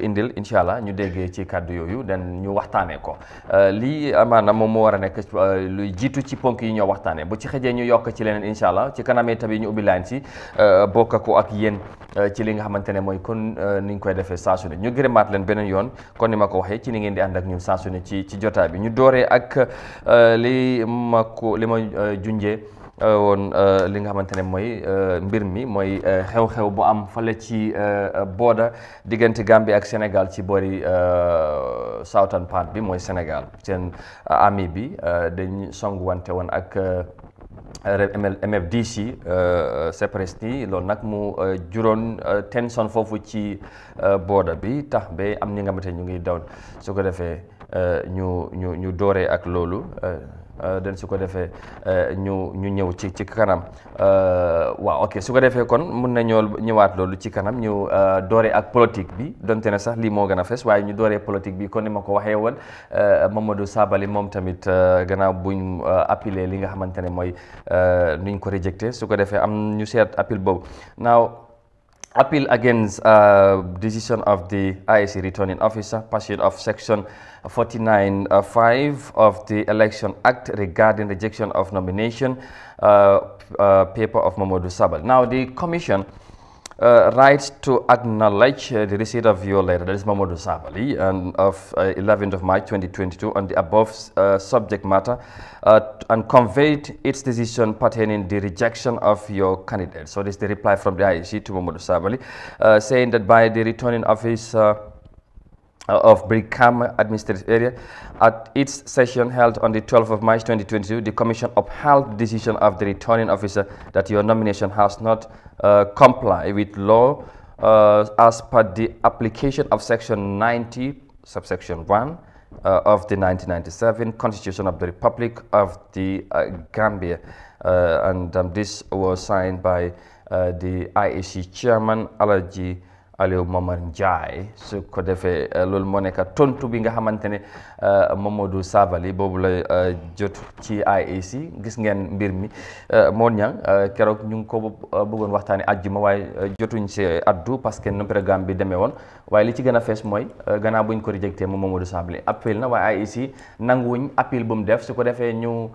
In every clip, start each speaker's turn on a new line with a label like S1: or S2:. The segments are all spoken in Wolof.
S1: indil incha allah ñu déggee ci kàddu yooyu den ñu waxtaanee ko euh, lii amaana moom moo war a nekk euh, lu jiitu ci ponk yi ñoo waxtaanee bu ci xëjee ñu yokk ci leneen incha allah ci kanam itam yi ñu ubbi laan si euh, bokk ko ak yéen ci li nga xamante ne mooy kon ni ñu koy defee saa su ñu gërëmaat leen beneen yoon kon ni ma ko waxee ci ni ngeen di ànd ak ñun saa su ci ci jotaay bi ñu dooree ak li ma ko li ma junjee. Euh, woon euh, li nga xamante ne mooy euh, mbir mi mooy xew-xew bu am fale ci booda diggante Gambie ak Sénégal ci boori southern part bi mooy Sénégal seen ami bi dañ songuwante woon ak MFDC separatisti loolu nag mu juróon tension foofu ci booda bi tax ba am ñi nga xamante ñu ngi daw su ko defee ñu ñu ñu dooree ak loolu Euh, den su ko defee euh, ñu ñu ñëw ci ci kanam euh, waaw ok su ko defee kon mun na ñoo ñëwaat loolu ci kanam ñu dooree ak politique bi donte ne sax lii moo gën a fes waaye ñu dooree politique bi kon ni ma ko waxee woon Mamadou Sabally moom tamit gannaaw buñ appelé li nga xamante ne mooy nuñ ko rejecté su ko defee am ñu seet appel boobu naaw appeal against decision of the IEC returning officer pursuit of section 49.5 uh, of the Election Act regarding rejection of nomination uh, uh, paper of Mamadou Sabal. Now, the Commission uh, to acknowledge uh, the receipt of your letter, that is Mamadou Sabali, and of uh, 11th of March 2022 on the above subject matter, and conveyed its decision pertaining the rejection of your candidate. So this is the reply from the IEC to Mamadou Sabali, saying that by the returning office. Uh, of Brigham administrative area. At its session held on the 12th of March 2022, the Commission upheld the decision of the returning officer that your nomination has not uh, complied with law uh, as per the application of Section 90, subsection 1 uh, of the 1997 Constitution of the Republic of the uh, Gambia. Uh, and um, this was signed by the IEC chairman, Alaji Aliou Momar Ndiaye su ko defee euh, loolu moo nekk tontu bi nga xamante ne euh, Mamadou Sabally boobu la euh, jot ci IEC gis ngeen mbir mi moon ñang keroog ñu ngi ko bëggoon waxtaanee àjjuma waaye jotuñ si addu parce que nu programme bi demee woon waaye li ci gën a fees mooy gannaaw buñ ko rejecté moom Mamadou Sabally appel na waaye IEC nanguwuñ appel bu mu def su ko defee ñu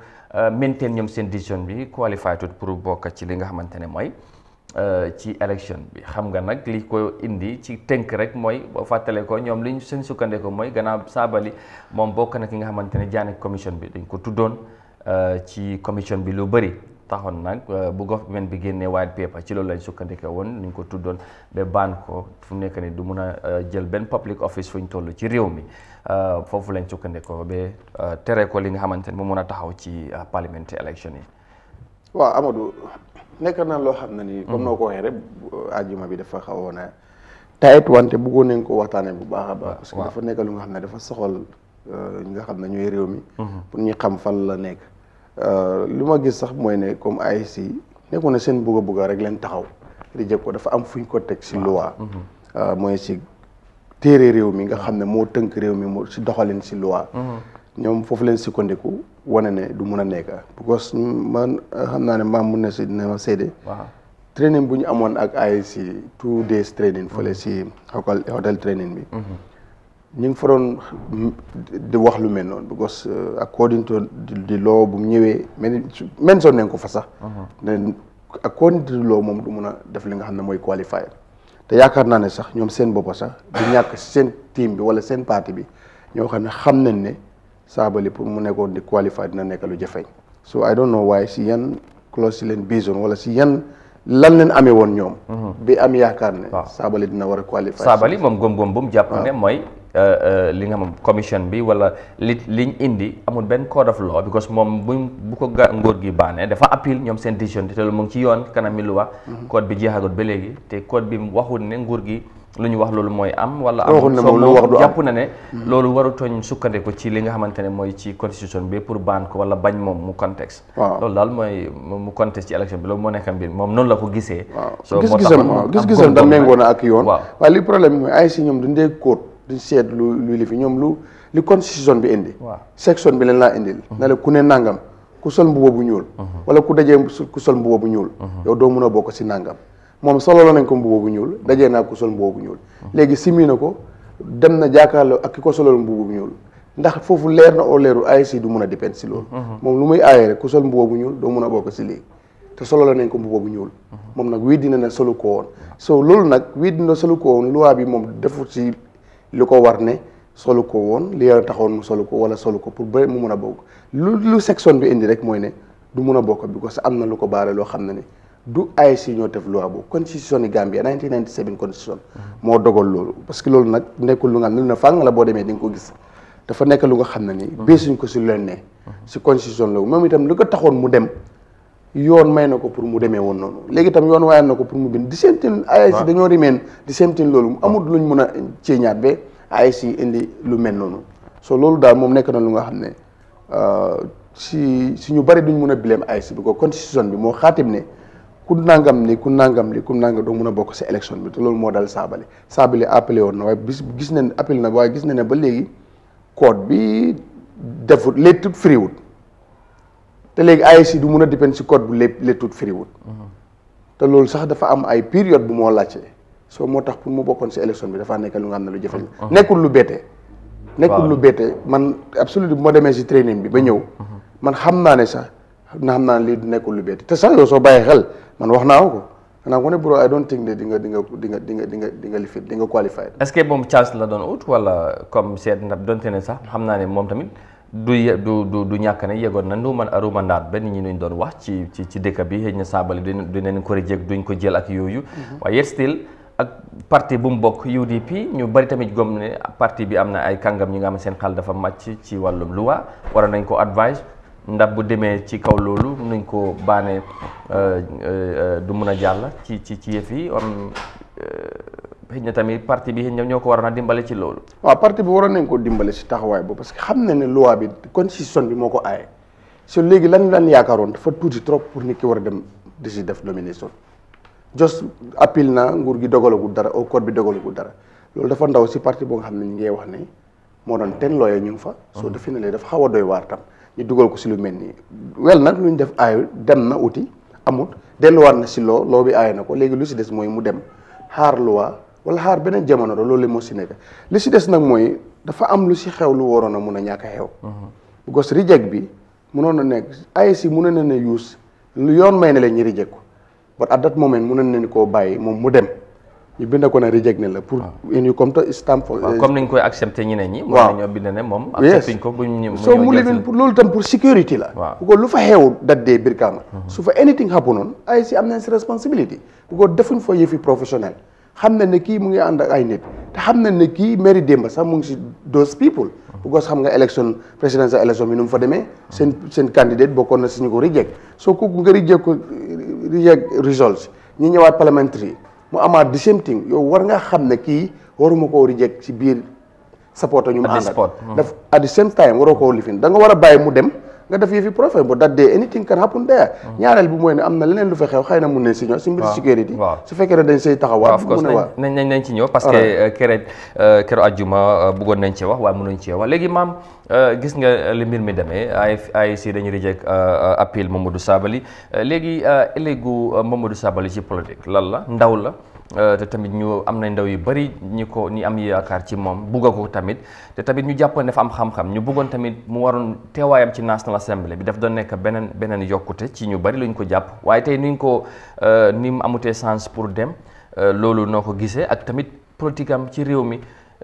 S1: maintain ñoom seen décision bi qualifié tout pour bokkat ci li nga xamante ne mooy. Euh, ci élection bi xam nga nag li ko indi ci tënk rek mooy boo fàttalee ko ñoom li ñu seen sukkandiku mooy gannaaw saabali moom bokk nag ki nga xamante ne jaanek commission bi dañ ko tuddoon euh, ci commission bi lu bëri taxoon nag euh, bu government bi génnee white paper ci loolu lañ sukkandikoo woon ñu ko tuddoon ba baan ko fu mu nekk ni du mun a jël benn public office fu ñu toll ci réew mi foofu lañ sukkandikoo ba tere ko li nga xamante ne mu mun a taxaw ci parliamentary election yi.
S2: nekk na loo xam ne nii. comme mm. noo ko waxee rek ajuma bi dafa xawoon a
S1: taayit wante buggoon nañ ko waxtaanee
S2: bu baax a baax. parce que nekk lu nga xam ne dafa soxal euh, ñi nga xam ne ñooy réew mi. Mm-hmm. pour ñu xam fan la nekk. Euh, li ma gis sax mooy ne comme AIC nekkoon na seen bëgg bugga rek leen taxaw di ko dafa am fuñ ko teg si loi. Mm-hmm. Euh, mooy si téere réew mi nga xam ne moo tënk réew mi moo si doxalin si loi. Mm-hmm. ñoom foofu leen sukkandiku wane ne du mun a nekk parce que man xam naa ne maam mun na si dina ma seede. training bu ñu amoon ak ay si two days training fële mhm. si hotel training bi. Mhm. ñu ngi fa doon di wax lu mel noonu because uh, according to di law bu ñëwee men mention nañ ko fa sax. Mhm. ne according to law moom du mun a def li nga xam ne mooy qualifier te yaakaar naa ne sax ñoom seen bopp sax du ñàkk seen team bi wala seen parti bi ñoo xam ne xam nañ ne. saabali pour mu nekkoon di qualifier dina nekk lu jafeñ so I don't know why si yan clause si leen bisoon wala si yan lan leen amee ñoom. Mhm. bi am yaakaar ne. saabali dina war a qualifier.
S1: saabali moom góom-góom bu mu jàpp mooy. Euh, euh, li nga xam commission bi wala li liñ indi amul benn code of law because moom buñ bu ko ga ngóor gi baane dafa appeal ñoom seen décision te loolu mu ci yoon kanam lu wax mhm. code bi jeexagut ba léegi te code bi waxul ne nguur lu ñu wax loolu mooy am wala am soo moom jàpp na ne loolu waru tooñ sukkandiku ci li nga xamante ne mooy ci constitution bi pour baan ko wala bañ moom mu contexte loolu daal mooy mu contexte ci élection bi loolu moo nekk mbir moom noonu la ko gisee waaw gis da méngoo na ak yoon waaw waaye
S2: li problème ñoom duñ dee kóot seet lu luy ñoom lu li constitution bi indi waaw section bi leen laa indil mhm. na la ku ne nangam ku sol mbubb bu ñuul mhm. wala ku dajee ku sol mbubb bu ñuul mhm. yow doo mun a bokk si nangam moom sololo nañ ko mbubu bu ñuul dajee naa ko sol mbubu bu ñuul léegi simi na ko dem na jàkkaarloo ak ki ko solol mbubu ñuul ndax foofu leer na oo leerul ASC du mun a dépendre si mhm. moom lu muy aayee rek ku sol mbubu bu ñuul doo mun a bokk si lii te sololo nañ ko mbubu bu ñuul mhm. moom nag wii dina ne solu ko woon loolu nag wii dina solu ko woon loi moom defu si li ko war ne solu ko woon li yàlla taxoon mu solu ko wala solu ko pour ba mu mun a bokk lu lu section bi indi rek mooy ne du mun a bokk bi ko que am na lu ko baare loo xam ne ne du AIC ñoo def loi boobu constitution ni Gambia 1997 constitution moo dogal loolu parce que loolu nag nekkul lu nga xam ne lu boo demee di nga ko gis dafa nekk lu nga xam ne nii mhm. beesuñ ko leen ne mhm. si constitution la moom itam lu ko taxoon mu dem yoon may na ko pour mu demee woon noonu léegi yoon waaye na ko pour mu bind di seemtin AIC dañoo rimeen di seemtin loolu amul luñ mun a ceeñaat ba AIC indi lu mel noonu so loolu daal moom nekk na lu nga xam ne euh, si si ñu bari duñ mun a bileem AIC bi ko constitution bi moo xaatim ne ku nangam ni ku nangam li ku nangam doo mun a bokk si élection bi te loolu moo dal saabale saabale appelé woon na waaye bis gis nañ appelé na waaye gis na ne ba léegi code bi defut lettut firiwut te léegi AIC du mun a dépend si code bu lépp lettut firiwut te loolu sax dafa am ay période bu moo laajte soo moo tax pour mu bokkoon si élection bi dafaa nekk lu nga xam ne lu jëfal uh-huh. uh-huh. nekkul lu bette nekkul lu bette man absolument bu ma demee si training bi ba ñëw uh-huh. man xam naa ne sax na xam naa lii nekkul lu betti te sax yow soo bàyyi xel man wax naa ko xanaa ko ne bro I don't think ne di nga di nga di nga di nga di nga di nga lifit di nga qualified.
S1: est-ce que moom chance la doon ut wala comme seet na donte ne sax xam naa ne moom tamit du du du du ñàkk ne yegoon na nu man aruma naat ba nit ñi nuñ doon wax ci ci ci dëkk bi xëy na saabali du neen ko reject duñ ko jël ak yooyu. Mhm. waaye still ak parti bu mu bokk UDP ñu bari tamit gom ne parti bi am na ay kàngam ñi nga xam ne seen xel dafa màcc ci wàllum luwa waroon nañ ko advice. ndax bu demee ci kaw loolu mën nañ ko baane euh, euh, du mun a jàll ci ci ci yëf yi am euh, xëy na tamit parti bi ñoom ñoo ko war a dimbale ci loolu.
S2: waaw parti bi waroon nañ koo dimbale si taxawaay boobu parce que xam na ne loi bi constitution bi moo ko aaye so léegi lan lan yaakaaroon dafa tuuti trop pour nit ki war a dem di si def nomination jos appel na nguur gi dogalagul dara au corps bi dogalagul dara loolu dafa ndaw si parti boo nga xam ne ñu ngi wax ne moo doon ten lawyer ñu ngi fa. soo definee dafa xaw a doy waar tam. ñu dugal ko si lu mel nii wel nag lu ñu def aayul dem na uti amut delluwaat na si loo loo bi aay na ko léegi lu si des mooy mu dem xaar luwaa wala xaar beneen jamono la loolu moo si nekk li si des nag mooy dafa am lu si xew lu waroon a mun a ñàkk a xew. Mhm. because reject bi munoon na nekk ay si munoon na ne use lu yoon may na leen ñu reject ko but at that moment munoon nañu koo bàyyi moom mu dem. ñu bind ko reject ne la pour in you to stamp for euh, comme
S1: niñ koy accepté ñeneen ñi mo ñu bind ne moom accepté ko bu ñu so mu li
S2: pour loolu tam pour security la ko lu fa xew that day bir kaama mhm. su fa anything happenon ay ci amna ci responsibility ko defuñ fo yefi professionnel xamna na ne kii mu ngi and ak ay nit te xamna ne kii mairie sax mu ngi ci those people because mhm. xam nga election présidentielle élection mi nu fa demee mhm. sen sen candidate bokon na ci ñu ko reject So kooku nga reject ko reject results ñi ñëwaat parliamentary. mu amaat the same thing yow war nga xam ne kii waruma koo reject ci biir supporter ñu mu àndal daf at the same time waroo koo lifin da nga war a bàyyi mu dem nga def yëfi profit bu that day anything can happen there hmm. ñaareel bi mooy ne am na leneen lu fa xew xëy na mun nañ si ñëw si mbiri sécurité su fekkee ne dañ say taxawaat mu ne waaw
S1: nañ nañ nañ ci que kere kero ajjuma bëggoon nañ ci wax waaye mënuñ ci wax léegi maam euh, gis nga li mbir mi demee ay AIC dañu reject euh, euh, appel Mamadou saabali léegi ëllëgu Mamadou Sabally ci politique lan la ndaw la Euh, te tamit ñu am nañ ndaw yu bëri ñi ko ñi am yaakaar ci moom bugg ko tamit te tamit ñu jàppoon dafa am xam-xam ñu buggoon tamit mu waroon teewaayam ci National Assembly bi daf doon nekk beneen beneen yokkute ci ñu bëri luñ ko jàpp waaye tey ni ñu ko euh, ni mu amutee sens pour dem euh, loolu noo ko gisee ak tamit politique ci réew mi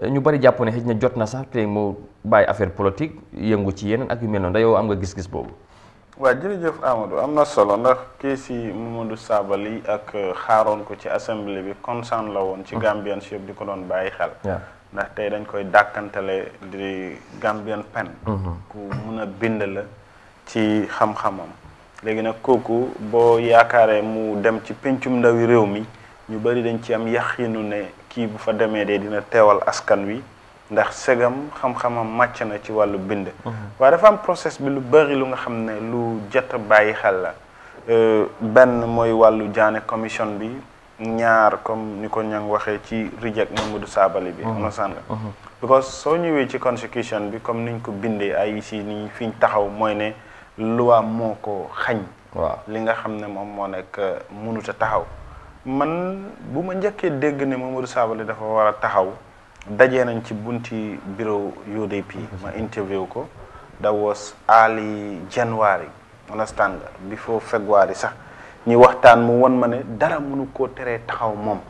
S1: ñu bëri jàpp ne na jot na sax tey mu bàyyi affaire politique yëngu ci yeneen ak yu mel noonu da yow am nga gis-gis boobu.
S3: waa jërëjëf Amadou am na solo ndax kees yi Mamadou Sabali ak euh, xaaroon ko ci assemblée bi concerne la woon ci mm. Gambian si yëpp di ko doon bàyyi xel ndax tey dañ koy dàkkantale di Gambian pen mm-hmm. ku mun a bind la ci xam-xamam léegi nag kooku boo yaakaaree mu dem ci pencum ndawi réew mi ñu bari dañ ci am yaxinu ne kii bu fa demee dee dina teewal askan wi ndax segam xam-xamam màcc na ci wàllu bind mhm. waaye dafa am process bi lu bëri lu nga xam ne lu jot a bàyyi xel la euh, benn mooy wàllu jaane commission bi ñaar comme ni ko ñang waxee ci reject Mamadou Sabali bi mhm. am na mhm. because soo ñëwee ci constitution bi comme niñ ko bindee ay si e ni fi ñu taxaw mooy ne loi moo ko xañ waaw li nga xam ne moom moo nekk euh, mënut a taxaw man bu ma njëkkee dégg ne Mamadou Sabali dafa war a taxaw daje nañ ci bunti bureau UDP ma interview ko that was early January understand nga before February sax ñi waxtaan mu won ma ne dara mënu ko teree taxaw moom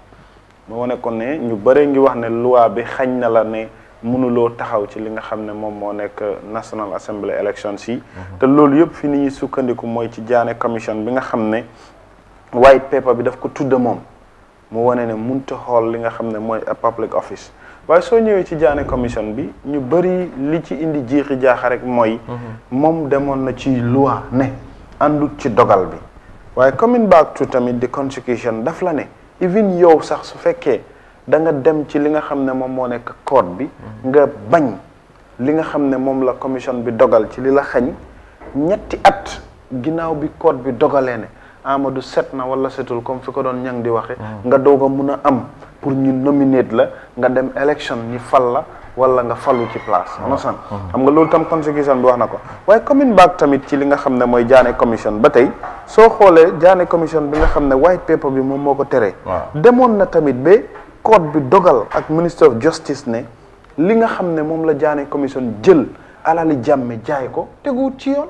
S3: ma wane ko ne ñu bëre ngi wax ne loi bi xañ na la ne mënuloo taxaw ci li nga xam ne moom moo nekk National Assembly elections yi mhm. te loolu yëpp fi ni ñuy sukkandiku mooy ci jaane commission bi nga xam ne white paper bi daf ko tudda moom mu wane ne mënta xool li nga xam ne mooy public office waaye soo ñëwee ci Diané commission bi ñu bëri li ci indi jiixi jaaxa rek mooy. Mhm. moom demoon na ci loi ne àndut ci dogal bi waaye coming back to tamit di constitution daf la ne even yow sax su fekkee da nga dem ci li nga xam ne moom moo nekk code bi. Mhm. nga bañ li nga xam ne moom la commission bi dogal ci li la xañ ñetti at ginnaaw bi code bi dogalee ne. du set na wala setul comme fi ko doon ñang di waxe mm. nga doog a mun a am pour ñu nominate la nga dem élection ñi fal la wala nga falu ci place onosan mm. mm. xam nga loolu tam constitution bi wax na ko waaye commune baag tamit ci li nga xam ne mooy Diané ba tey soo xoolee Diané commission bi nga xam ne white paper bi moom moo ko teree demoon na tamit ba code bi dogal ak minister of justice ne li nga xam ne moom la Diané commission jël alali jàmme jaay ko teguwut ci yoon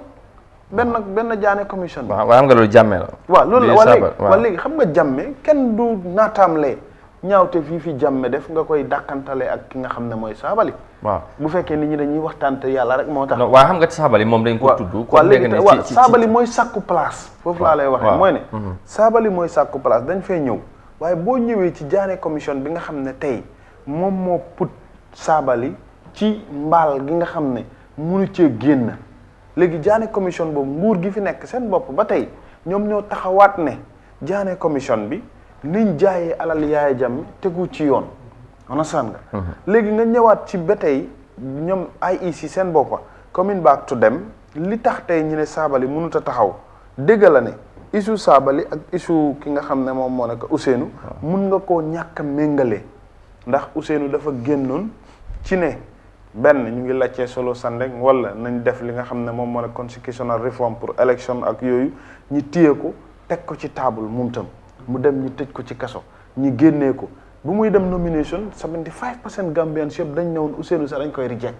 S3: benn benn jaane commission. waaw
S1: xam nga loolu jàmme la. waaw loolu la waaw léegi
S3: xam nga jàmme kenn du naataamlee ñaawte fii fi jàmme def nga koy dàkkantale ak ki nga xam ne mooy saabali. waaw bu fekkee nit ñi dañuy waxtaan yàlla rek moo tax. non
S1: waaye xam nga saabali moom dañ ko tudd. waaw léegi waaw saabali
S3: mooy sàkku place. foofu laa lay waxee mooy ne. Mhm. saabali mooy sàkku place dañ fee ñëw. waaye boo ñëwee ci jaane commission bi nga xam ne tey moom moo put saabali ci mbaal gi nga xam ne munu cee génn léegi jaane commission boobu nguur gi fi nekk seen bopp ba tey ñoom ñoo taxawaat ne jaane commission bi niñ jaayee alal yaaya jàmm tegu ci yoon understand nga mhm. léegi nga ñëwaat ci ba tey ñoom IEC seen boppa commune baak to dem li tax tey ñu ne saabali mënut a taxaw dégg la ne issue saabali ak issue ki nga xam ne moom moo nekk Ousseynou ah. mun nga koo ñàkk a ndax Ousseynou dafa génnoon ci ne benn ñu ngi laajte solo san rek wala nañ def li nga xam ne moom moo ne constitutional reform pour élection ak yooyu ñi téye ko teg ko ci taabul moom tam mu dem ñu tëj ko ci kaso ñi génne ko bu muy dem nomination 75 percent Gambians yëpp dañ ne woon Ousseynou sax dañ koy reject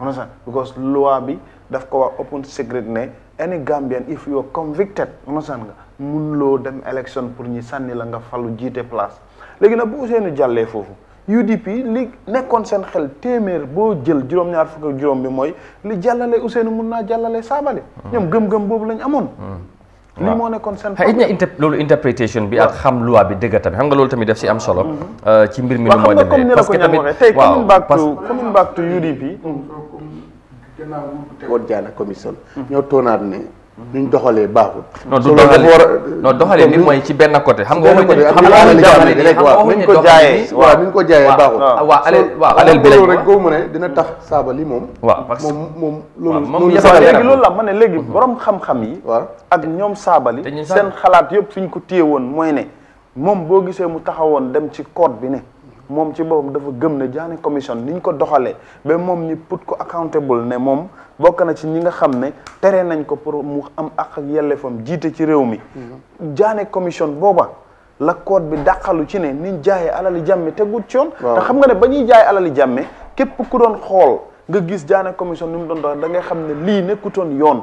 S3: on understand because loi bi daf ko wax open secret ne any Gambian if you are convicted nga mun loo dem élection pour ñi sànni la nga falu jiite place léegi nag bu Ousseynou jàllee foofu UDP li nekkoon seen xel téeméer boo jël juróom-ñaar fukk ak juróom bi mooy li jàllale Ousseynou mun naa jàllale Saabale. Hmm.
S1: ñoom gëm-gëm boobu lañ amoon. Hmm. li moo nekkoon seen. loolu interprétation bi ak xam loi bi dëgg tamit xam nga loolu tamit daf si am solo. Hmm. Euh, ci mbir mi nu moo demee parce que tamit waaw parce que
S2: coming back to UDP. gannaaw Wodjana commission. ñoo toonaat ne. duñ doxalee baaxul. soo doxalee non doxalee bi mooy ci benn côté. xam nga waxuñu xam nga waxuñu jamono ji xam nga waxuñu doxalee bi waaw niñ ko jaayee baaxul. Ah, waaw alal waaw alal bi lañ rek boo mu ne dina tax li moom. waaw parce que moom moom loolu. loolu
S3: la ma ne léegi mhm. borom xam-xam yi. waaw ak ñoom saaba li. seen xalaat yëpp fi ñu ko téye woon mooy ne moom boo gisee mu taxawoon dem ci code bi ne. moom ci boppam dafa gëm ne Diané commission ni ñu ko doxalee ba moom ñi put ko accountable ne moom bokk na ci ñi nga xam ne tere nañ ko pour mu am ak ak yelleefam jiite ci réew mi mhm. jaane commission booba la code bi dàqalu ci ne niñ jaayee alali jàmme tegut ci yoon te xam nga ne ba ñuy jaay alali jàmme képp ku doon xool nga gis jaane commission ni mu doon dox da ngay xam ne lii nekkutoon yoon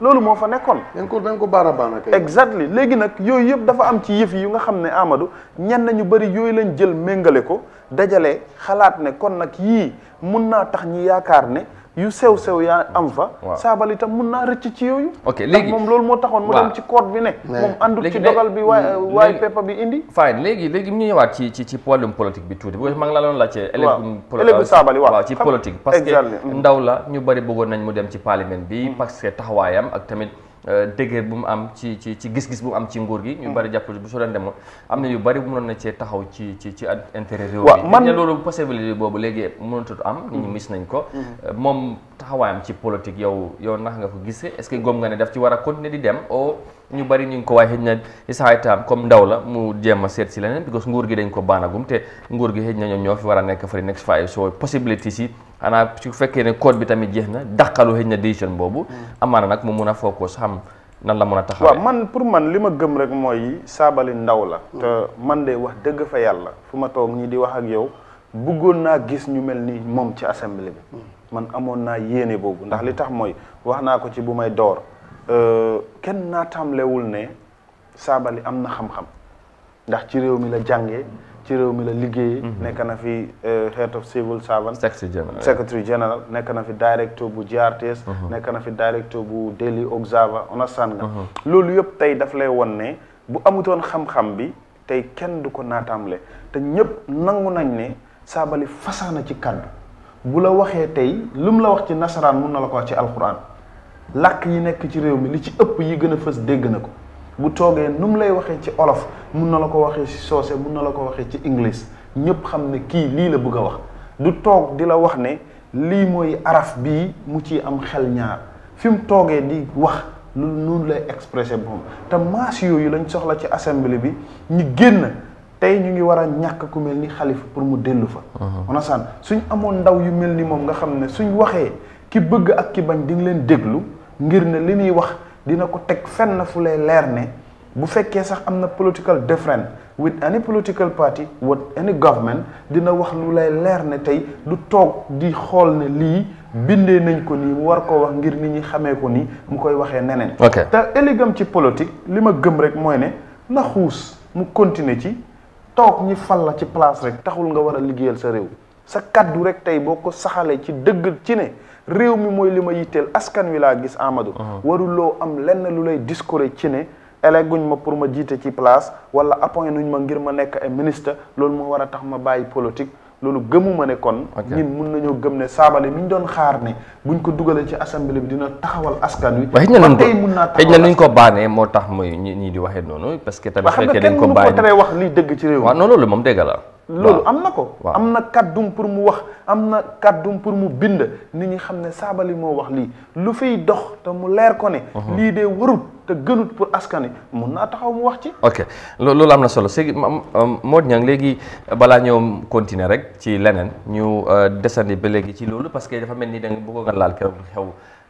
S3: loolu moo fa nekkoon. dañ ko dañ ko baara baana kay. exactly léegi nag yooyu yëpp dafa am ci yëf yi nga xam ne Amadou ñenn ñu bëri yooyu lañ jël méngale ko dajale xalaat ne kon nag yii mun naa tax ñi yaakaar ne. yu sew sew yaa am fa. saabal itam mun naa rëcc ci yooyu. ok léegi moom loolu moo taxoon. mu dem ci code bi ne. moom àndul ci dogal bi waaye mm, euh, waaye pepa bi
S1: indi. fine léegi léegi mu ñëwaat ci ci ci problème politique bi tuuti man que maa ngi la doon laajte. waaw euh, saabali waaw ci politique. parce que ndaw la ñu bari bëggoon nañ mu dem ci parlement bi. Mm. parce que taxawaayam ak tamit. Euh, déggee bu mu am ci ci ci gis-gis bu mu am ci nguur gi. ñu bari jàpp bu soo doon dem am na yu bari mënoon na cee taxaw ci ci ci intérêt réew mi. waaw man loolu possibilité boobu léegi mënatut am. nit ñi mis nañ ko. Mm-hmm. Euh, moom taxawaayam ci politique yow yow nax nga ko gisee est-ce que nga ne daf ci war a continuer di dem oo oh, ñu bari ñu ngi ko waaye xëj comme ndaw la mu jéem a seet si leneen because nguur gi dañ ko baanagum te nguur gi xëj na ñoom ñoo fi war a nekk for the next five so possibility si. xanaa su fekkee ne code bi tamit jeex na dàqalu xëy na décision boobu. Mm. amaana nag mu mun a focus xam nan la mun a taxawee. waaw
S3: man pour man li ma gëm rek mooy saabali ndaw la. Mm. te man de wax dëgg fa yàlla fu ma toog nii di wax ak yow buggoon naa gis ñu mel ni moom ci assemblée bi. Mm. man amoon naa yéene boobu ndax li tax mooy wax naa ko ci bu may door euh, kenn naa tàmlewul ne saabali am na xam-xam ndax ci réew mi la jàngee. ci réew mi la liggéeyee. Mhm. nekk na fi euh, head of civil servant. secretary general nekk na fi directeur bu GRTS. Mhm. nekk na fi directeur bu Daily Observer understand nga. Mhm. loolu yëpp tey daf lay won ne bu amutoon xam-xam bi tey kenn du ko naataamle te ñëpp nangu nañ ne saabali fasaana ci kàddu bu la waxee tey lu mu la wax ci nasaraan mun na la ko wax ci alquran làkk yi nekk ci réew mi li ci ëpp yi gën a fës dégg na ko. bu toogee nu mu lay waxee ci olof mun na la ko waxee ci soose mun na la ko waxee ci english ñëpp xam ne kii lii la bëgg a wax du toog di la wax ne lii mooy araf bii mu ci am xel ñaar fi mu toogee di wax lu noonu lay expressé moom te maas yooyu lañ soxla ci assemblée bi ñu génn tey ñu ngi war a ñàkk ku mel ni xalifa pour mu dellu fa. on uh-huh. suñ amoon ndaw yu mel ni moom nga xam ne suñ waxee ki bëgg ak ki bañ di nga leen déglu ngir ne li ñuy wax. dina ko teg fenn fu lay leer ne bu fekkee sax am na political difference with any political party with any government dina wax lu lay leer ne tey du toog di xool ne lii bindee nañ ko nii mu war koo wax ngir ni ñi xamee ko nii mu koy waxee neneen te ëllëgam ci politique li ma gëm rek mooy ne na xuus mu continuer ci toog ñi fal la ci place rek taxul nga war a liggéeyal sa réew sa kàddu rek tey boo ko saxalee ci dëgg ci ne réew mi mooy li ma yitteel askan wi laa gis Amadou. Uh-huh. waruloo am lenn lu lay discouré ci ne. éleguñ ma pour ma jiite ci place wala appoint nuñ ma ngir ma nekk ay ministre loolu moo war a tax ma bàyyi politique loolu gëmuma ne kon ñun mun nañoo gëm ne saabale mi ñu doon xaar ne buñ ko dugalee ci assemblée bi dina taxawal askan wi xëj na xëj na nuñ ko
S1: baanee moo tax mooy ñi di waxee noonu parce que tamit fekkee dañ ko wax liy dëgg ci réew waaw non loolu moom dégg la loolu am na ko am
S3: na kàddum pour mu wax am na kàddum pour mu bind nit ñi xam ne saaba li moo wax lii lu fiy dox te mu leer ko ne uh-huh. lii dee warut te gënut pour askan wi mun naa taxaw mu wax ci
S1: ok loolu am na solo séegi moo ñan léegi balaa ñëw continuer rek ci leneen ñu euh, desandi ba léegi ci loolu parce que dafa mel ni da nga bëggoon nga laal keroog xew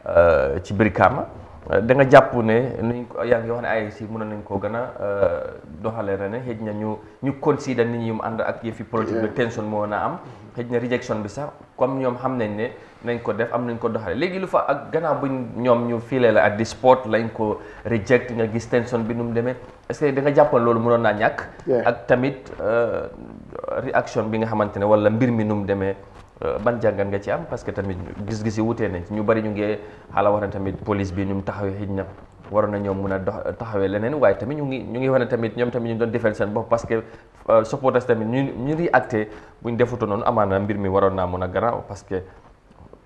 S1: euh, ci Brikama da nga jàpp ne nuñ ko yaa ngi wax ne ay si mënoon nañ koo gën a euh, doxalee ren xëj na ñu ñu consider nit ñu mu ànd ak yëfi politique de tension moo na am mm-hmm. xëj na rejection bi sax comme ñoom xam nañ ne nañ ko def am nañ ko doxale léegi lu fa ak gannaaw buñ ñoom ñu filee la at di sport lañ ko reject nga gis tension bi nu mu demee est que da nga jàppoon loolu mënoon naa ñàkk ak tamit euh, réaction bi nga xamante ne wala mbir mi nu mu demee Eh, ban jangan nga ci am parce que tamit gis-gis yi wutee nañ ñu bari ñu ngi ala wax tamit police bi ñum taxawé xëj na na ñom mëna taxawé leneen waye tamit ñu ngi ñu ngi wone tamit ñom tamit ñu doon defal sen bop parce que euh, supporters tamit ñu ñu réacté buñ defuto non amana mbir mi waroon na mëna graw parce que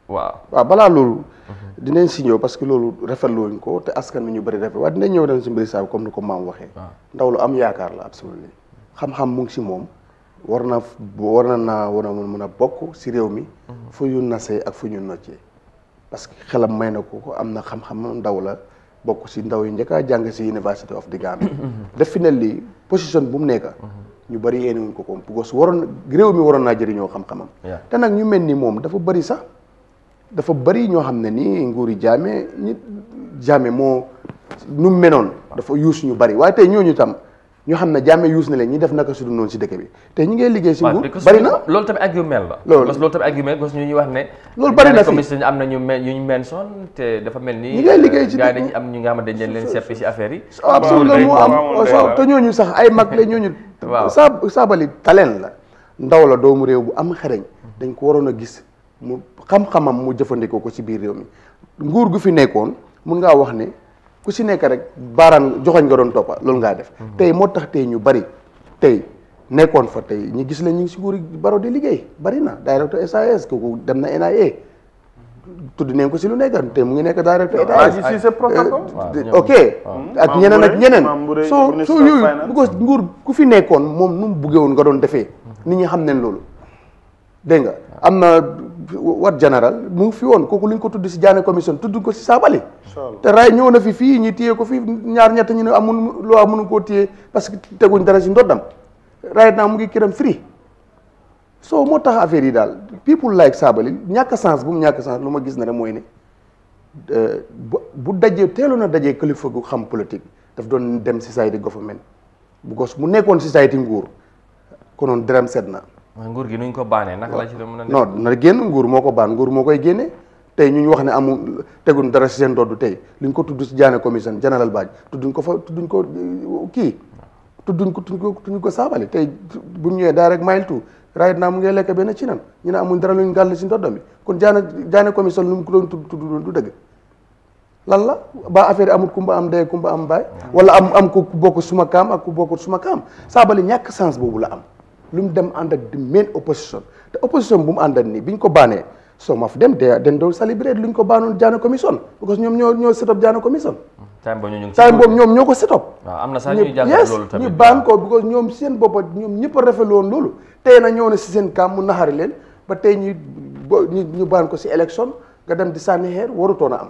S1: waaw
S2: wa bala loolu mhm. dinañ si ñëw parce que rafet ko te askan ñu bari rafet dinañ ñëw dem ci mbir sa comme ni ko maam waxé ndaw lu am yaakar la absolument xam-xam mu ngi ci mom war na war na naa war a mën a bokk si réew mi. Mhm. fu ñu nasee ak fu ñu noccee. parce que xelam may na ko am na xam-xam ndaw la bokk si ndaw yi njëkk jàng si University of the Gambia. Mhm. definitely position bu mu nekk. Mhm. ñu bari yéene wuñ ko ko parce waroon réew mi waroon naa jëriñoo xam-xamam. te nag ñu mel ni moom dafa bari sax dafa bari ñoo xam ne nii nguuri jaame ñi jaame moo nu menoon. dafa yuus ñu bari waaye tey ñooñu tam. ñu xam ne jàmme yuus na leen ñi def naka sudu noonu si dëkk bi te ñi ngay liggéey si nguur bari na
S1: loolu tamit argument la loolu tamit ñu wax ne loolu bari na fi am na ñu ñu mention te dafa mel ni ñi ngay liggéey si gars yi dañu am ñu nga xamante dañ leen seppi si affaire yi absolument moo am waaw te
S2: ñooñu sax ay mag la ñooñu waaw sa saabali talent la ndaw la doomu réew bu am xereñ dañ ko waroon a gis mu xam-xamam mu jëfandikoo ko si biir réew mi nguur gu fi nekkoon mun ngaa wax ne ku si nek rek baran joxagn nga don topa loolu nga def mhm. tay moo tax tey ñu bari tay nekkon fa tay ñi gis leen ñi ci goor baro di liggey bari na directeur SAS ko dem na NIA tudd nañ ko ci lu nekk tay mu ngi nekk directeur SAS ah,
S4: euh, ok ak ñeneen ak ñeneen so so yooyu bu
S2: ko nguur ku fi nekkon mom nu bugewon nga don defé mhm. nit ñi xam nañ nga amna What general mu fi won koku liñ ko tudd ci jaane commission tudd ko si Sabali? te ray ñëw na fi fi ñi téye ko fi ñaar ñett ñi amun loi mënu Pas téye parce que teguñ dara ci ndodam right na mu ngi kiram free so moo tax affaire yi dal people like Sabali. ñàkk sens bu mu sens luma gis na rek moy ne euh, bu dajee teeloon a dajee kilifa gu xam politique daf doon dem society government gos mu nekkoon society nguur Konon dram Sedna
S1: nguur gi nuñ ko baanee naka la ci la mën a. non
S2: na génn nguur moo ko baan nguur moo koy génne tey ñu wax ne amul teguñ dara si seen dodd tey li ñu ko tudd si jaane commission général Badji tudduñ ko fa tudduñ ko euh, kii. tudduñ ko tudduñ ko tudduñ ko saabale tey bu ñu ñëwee rek mile two right na mu ngi lekk benn ci nan ñu na amuñ dara luñ gàll si ndoddam bi kon jaane jaane commission lu ko doon tudd tudd du dëgg. lan la ba affaire amul kumba am dee kumba am baay. Mm. wala am am ku bokk suma kaam ak ku bokk suma kaam saabali ñàkk sens boobu la am. lu mu dem ànd ak di main opposition te opposition bu mu àndal nii bi ñu ko baanee soo ma fi dem de dañ doon célébrer lu ñu ko baanoon jaana commission parce que ñoom ñoo ñoo set up jaana commission.
S1: time boobu
S2: ñoom ñoo ko set up. waaw am na sax ñuy jàngal loolu tamit ñu baan ko parce que ñoom seen boppa ñoom ñëpp a rafetlu woon loolu. tey na ñoo ne si seen kaam mu naxari leen ba tey ñu ñu baan ko si élection nga dem di sànni xeer warutoon a am.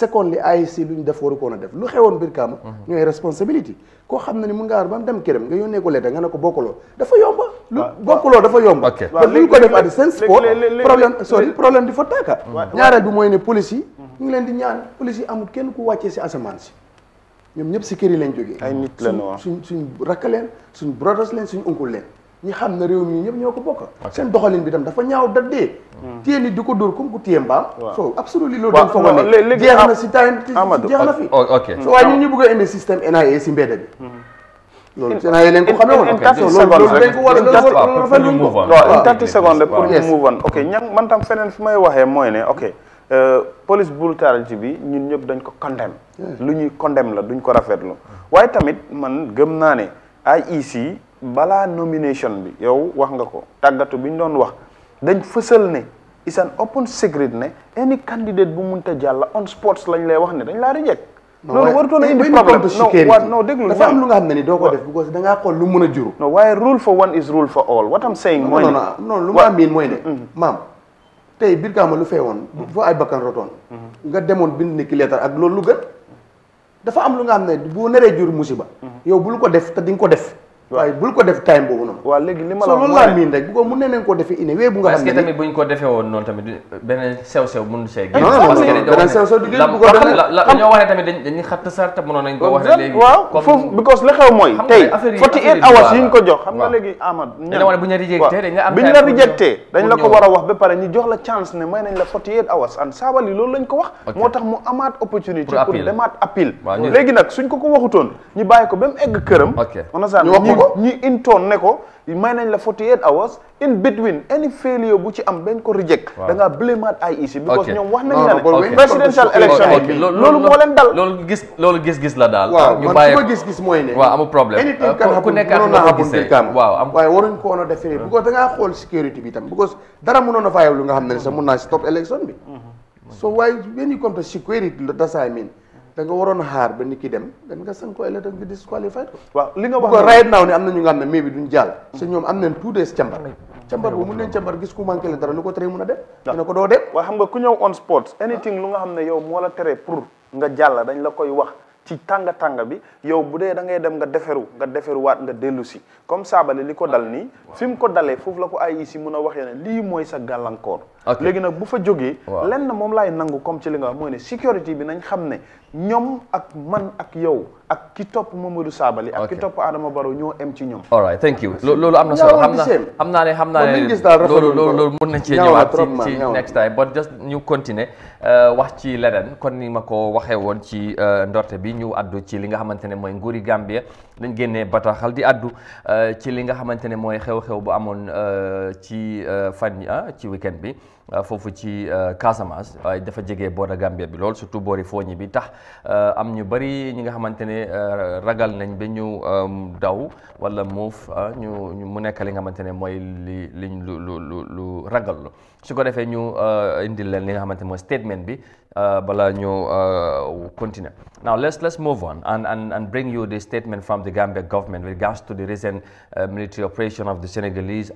S2: seconde li ASC lu ñu def waru ko woon a def lu xewoon biir mhm. ñooy responsabilité koo xam na ni mun ngaa war ba mu dem këram nga yónnee ko lettre nga ne ko bokkuloo dafa yomba. lu bokkuloo dafa
S1: yomba. ok léegi ko def at seen sport problème
S2: sorry problème di fa taaka. ñaareel bi mooy ne police yi. Mhm. ñu ngi leen di ñaan police yi amul kenn ku wàccee si asamaan si. ñoom ñëpp si kër lañ jógee. ay nit la suñ suñ rakk leen suñ brothers leen suñ uncle leen. ñi xam na réew mi ñëpp ñoo ko bokk seen doxalin bi tam dafa ñaaw daddee hmm. téye nit di ko dóor ku téye mbaam so absolutely lo dañ fa wane jeex na si time jeex fi
S1: oh, ok so waaye ñun
S2: ñu bëgg a indi système NIA si mbedd bi
S1: hmm. loolu ci
S2: NIA leen ko xamee woon loolu dañ ko war a loolu dafa pour move on Okay, ñang
S3: man tam feneen fi may waxee mooy ne ok euh, police brutality bi ñun ñëpp dañ ko condemn lu ñuy condemn la duñ ko rafetlu waaye tamit man gëm naa ne IEC bala nomination bi yow wax nga ko tagatu biñ doon wax dañ ne is an open secret ne any candidate bu munta jall on sports lañ lay wax ne dañ la reject
S2: loolu warutoon a indi problème no non dafa am lu nga xam ne ni doko def because da nga xol lu no, why no rule for one is rule for all what I'm saying no non non lu ma min moy ne mm-hmm. maam tay bir kaama lu feewon woon mm-hmm. foo ay bakkan roton
S4: mm-hmm.
S2: nga demone bind ni ki leetar ak lolu lu gën dafa am lu nga xam bu naree jur musiba yow lu ko def te ding ko def waaye bul ko def time boobu noonu. waaw léegi li ma la loolu laa miin rek bu ko mun nañ koo defee inné ko
S1: defee woon noonu tamit beneen sew ko defee la mooy tey forty eight hours yi xam nga
S3: léegi Amad ña bu ñu rejecté dañ la am ko war a wax ba pare ñu jox la chance ne may nañ la forty eight hours and saabal loolu lañ ko wax moo tax mu amaat opportunité pour demaat appel léegi nag suñ ko ko waxutoon ñu bàyyi ko ba mu egg këram ko ñu intoon ne ko la 48 hours wax nañ la e ne presidential election loolu moo
S1: leen dal loolu gis gis la daal waaw man su gis-gis mooy ne waaw amul problème anything kan uh, ku nekk a
S2: defee mm-hmm. because da ngaa xool sécurité bi tam because dara mënoon a faayew lu nga xam ne sax mun naa stop election bi
S4: mm-hmm.
S2: so why when you come to security that's I mean da nga waroon xaar ba nit ki dem dan nga sang ko ëllëg nga disqualifié ko. waaw li nga wax ko right now ni am na ñu nga xam ne mais bi duñ jàll. Mm. su ñoom am nañ two days càmbar. Mm. càmbar bu mun nañ càmbar gis ku manqué leen dara lu ko teree mun a dem. dina ko doo dem. waaye xam nga ku ñëw on sport ah. anything lu nga xam ne yow moo la teree pour nga jàll dañ la
S3: koy wax. ci tanga tanga bi yow budé da ngay dem nga deferu nga wat nga dellu si comme saabale li ko dal ni fim ko dalé foofu la ko ay si mun a waxee ne lii sa gàllankoor légui nak bu fa joggé lenn mom lay nangu comme ci li nga wax mooy ne sécurité bi nañ xamné ñom ak man ak yow ak ki top Mamadou Sabali ak ki top Adama Baro ño em ci ñom
S1: all right thank you lolu amna solo xam na né naa né lolu lolu ne loolu loolu ñëwaat ci next time but just ñu continuer Euh, wax ci leneen kon ni ma ko waxee woon ci euh, ndorte bi ñu àddu ci li nga xamante ne mooy nguuri Gambie dañ génnee bataaxal di addu euh, ci li nga xamante ne mooy xew-xew bu amoon ci fan ah, ci weekend bi Euh, foofu ci euh, Casamance waaye dafa jege boora Gambia bi lool surtout foo ñi bi tax euh, am ñu bari ñi nga xamante ne ragal nañ ba ñu daw wala muuf ñu mu nekk li nga xamante ne mooy li liñ lu lu lu lu ragal su ko defee ñu indil leen li nga xamante ne mooy statement bi bala ñu continue now let's let's move on and and and bring you the statement from the Gambia government with regards to the recent uh, military operation of the Senegalese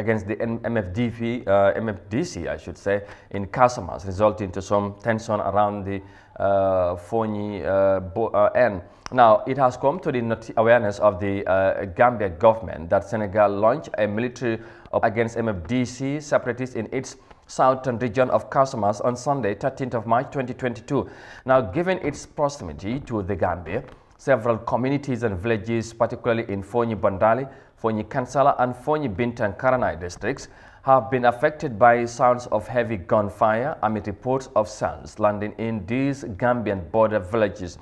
S1: against the MFDV, uh, MFDC, I should say, in Casamas, resulting to some tension around the uh, Foni uh, uh, end. Now, it has come to the awareness of the uh, Gambia government that Senegal launched a military against MFDC separatists in its southern region of Casamas on Sunday, 13th of March 2022. Now, given its proximity to the Gambia, several communities and villages, particularly in Foni Bandali, Fonyi Kansala and Fonyi Bintan Karanai districts have been affected by sounds of heavy gunfire amid reports of sounds landing in these Gambian border villages.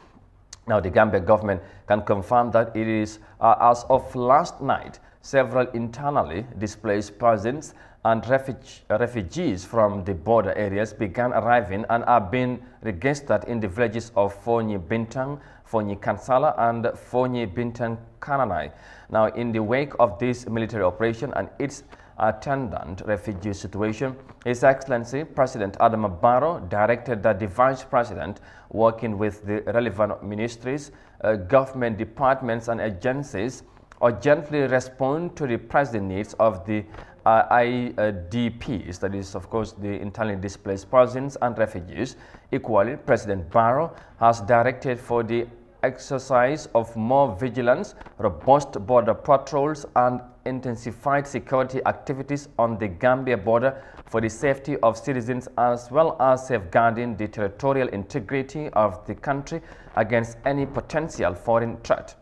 S1: Now, the Gambia government can confirm that it is, uh, as of last night, several internally displaced persons and refugees from the border areas began arriving and are being registered in the villages of Fonyi Bintang, Fonyi Kansala, and Fonyi Bintang Kananai. Now, in the wake of this military operation and its attendant refugee situation, His Excellency President Adam Barrow directed that the Vice President, working with the relevant ministries, uh, government departments and agencies, urgently respond to the pressing needs of the IDPs, that is, of course, the internally displaced persons and refugees. Equally, President Barrow has directed for the exercise of more vigilance, robust border patrols, and intensified security activities on the Gambia border for the safety of citizens as well as safeguarding the territorial integrity of the country against any potential foreign threat.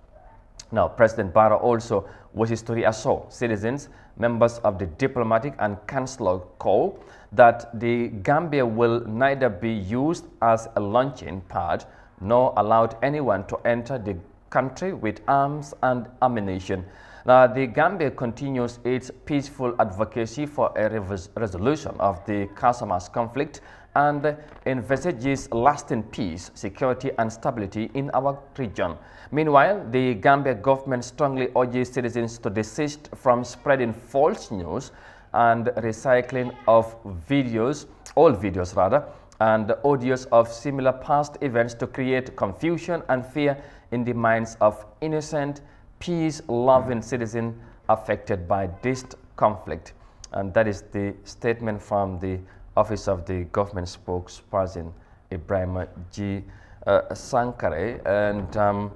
S1: Now, President Barro also wishes to reassure citizens members of the diplomatic and consular corps that the Gambia will neither be used as a launching pad nor allowed anyone to enter the country with arms and ammunition. Now, the Gambia continues its peaceful advocacy for a resolution of the Casamas conflict and envisages lasting peace, security and stability in our region. Meanwhile, the Gambia government strongly urges citizens to desist from spreading false news and recycling of videos, all videos rather, and audios of similar past events to create confusion and fear in the minds of innocent, peace-loving citizens affected by this conflict. And that is the statement from the Office of the Government Spokesperson, Ibrahim G. Uh, Sankare. And um,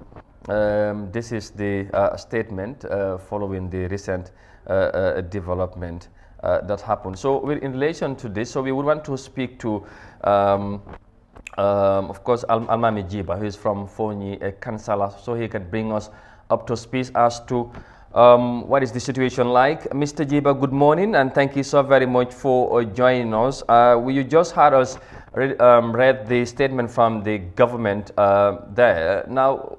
S1: um, this is the uh, statement uh, following the recent uh, uh, development uh, that happened. So in relation to this, so we would want to speak to, um, um of course, Al Almami Jiba, who is from Fonyi, a counselor, so he can bring us up to speed as to um, what is the situation like? Mr. Jiba, good morning, and thank you so very much for uh, joining us. Uh, you just had us read, um, read, the statement from the government uh, there. Now,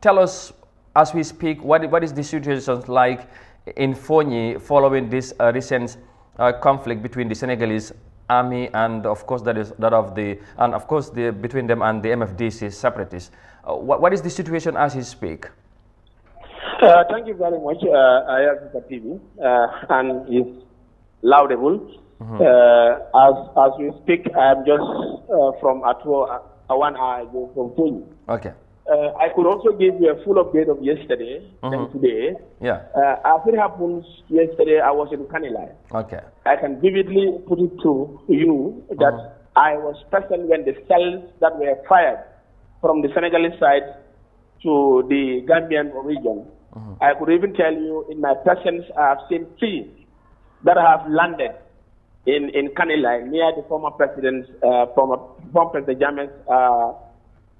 S1: tell us, as we speak, what, what is the situation like in Fonyi following this uh, recent uh, conflict between the Senegalese army and, of course, that is that of the and of course the between them and the MFDC separatists. Uh, what is the situation as we speak?
S5: Uh, thank you very much. Uh, I have the TV uh, and it's laudable. Mm-hmm. as as we speak, I'm just uh, from at uh, one hour ago from Tony. Okay. Uh, I could also give you a full update of yesterday mm-hmm. and uh-huh. today. Yeah. as it happens, yesterday I was in Kanilai. Okay. I can vividly put
S6: it to you that mm-hmm.
S5: I was present when the cells that were fired from the Senegalese side to the Gambian region uh-huh. I could even tell you in my presence, I have seen three that have landed in, in Kanilai near the former president's, uh, former, former President James uh,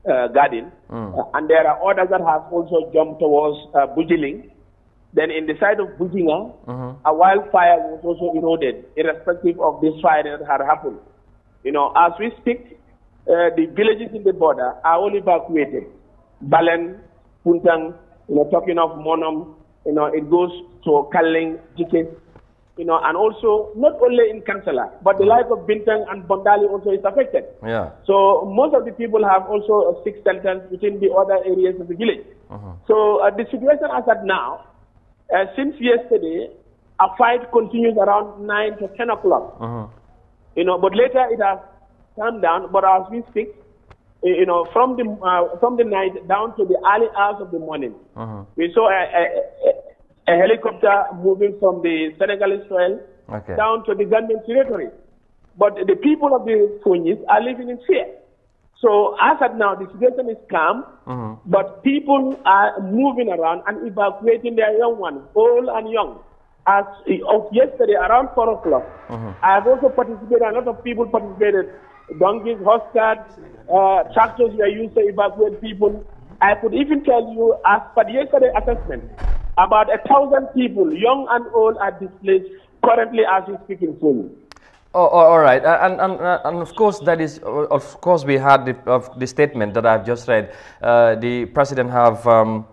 S5: uh, garden. Uh, uh-huh. and there are others that have also jumped towards uh, Bujiling. Then in the side of Bujinga, uh-huh. a wildfire was also eroded, irrespective of this fire that had happened. You know, as we speak, uh, the villages in the border are all evacuated. Balen, Puntang, you know, talking of Monum, you know, it goes to Kaling, Jikin, you know, and also not only in Kansala, but the mm. life of Bintang and Bondali also is affected. Yeah. So most of the people have also a sick sentence within the other areas of the village. Uh-huh. So uh, the situation as at now, uh, since yesterday, a fight continues around 9 to 10 o'clock. Uh-huh. You know, but later it has calmed down, but as we speak, Eh, you know, from the uh, from the night down to the early hours of the morning. Uh-huh. We saw a, a, a, helicopter moving from the Senegalese soil okay. down to the Gambian territory. But the people of the Funis are living in fear. So as at now, the situation is calm, uh-huh. but people are moving around and evacuating their young ones, old and young. As of yesterday, around 4 o'clock, uh-huh. I have also participated, a lot of people participated, donkeys, horse carts, uh, tractors were used to evacuate people. I could even tell you, as per yesterday's assessment, about a thousand people, young and old, are displaced currently as we speak in Sulu.
S1: Oh, oh all right, uh, and, and, uh, and of course that is uh, of course we had the, the statement that I've just read. Uh, the president have um,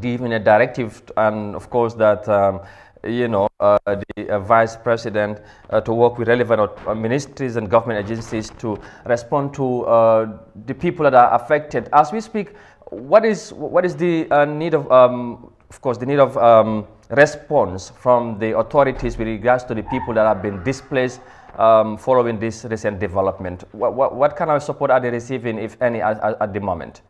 S1: given a directive, and of course that. Um, you know, uh, the uh, vice president uh, to work with relevant uh, ministries and government agencies to respond to uh, the people that are affected. As we speak, what is what is the uh, need of, um, of course, the need of um, response from the authorities with regards to the people that have been displaced um, following this recent development? What, what, what kind of support are they receiving, if any, at, at the moment?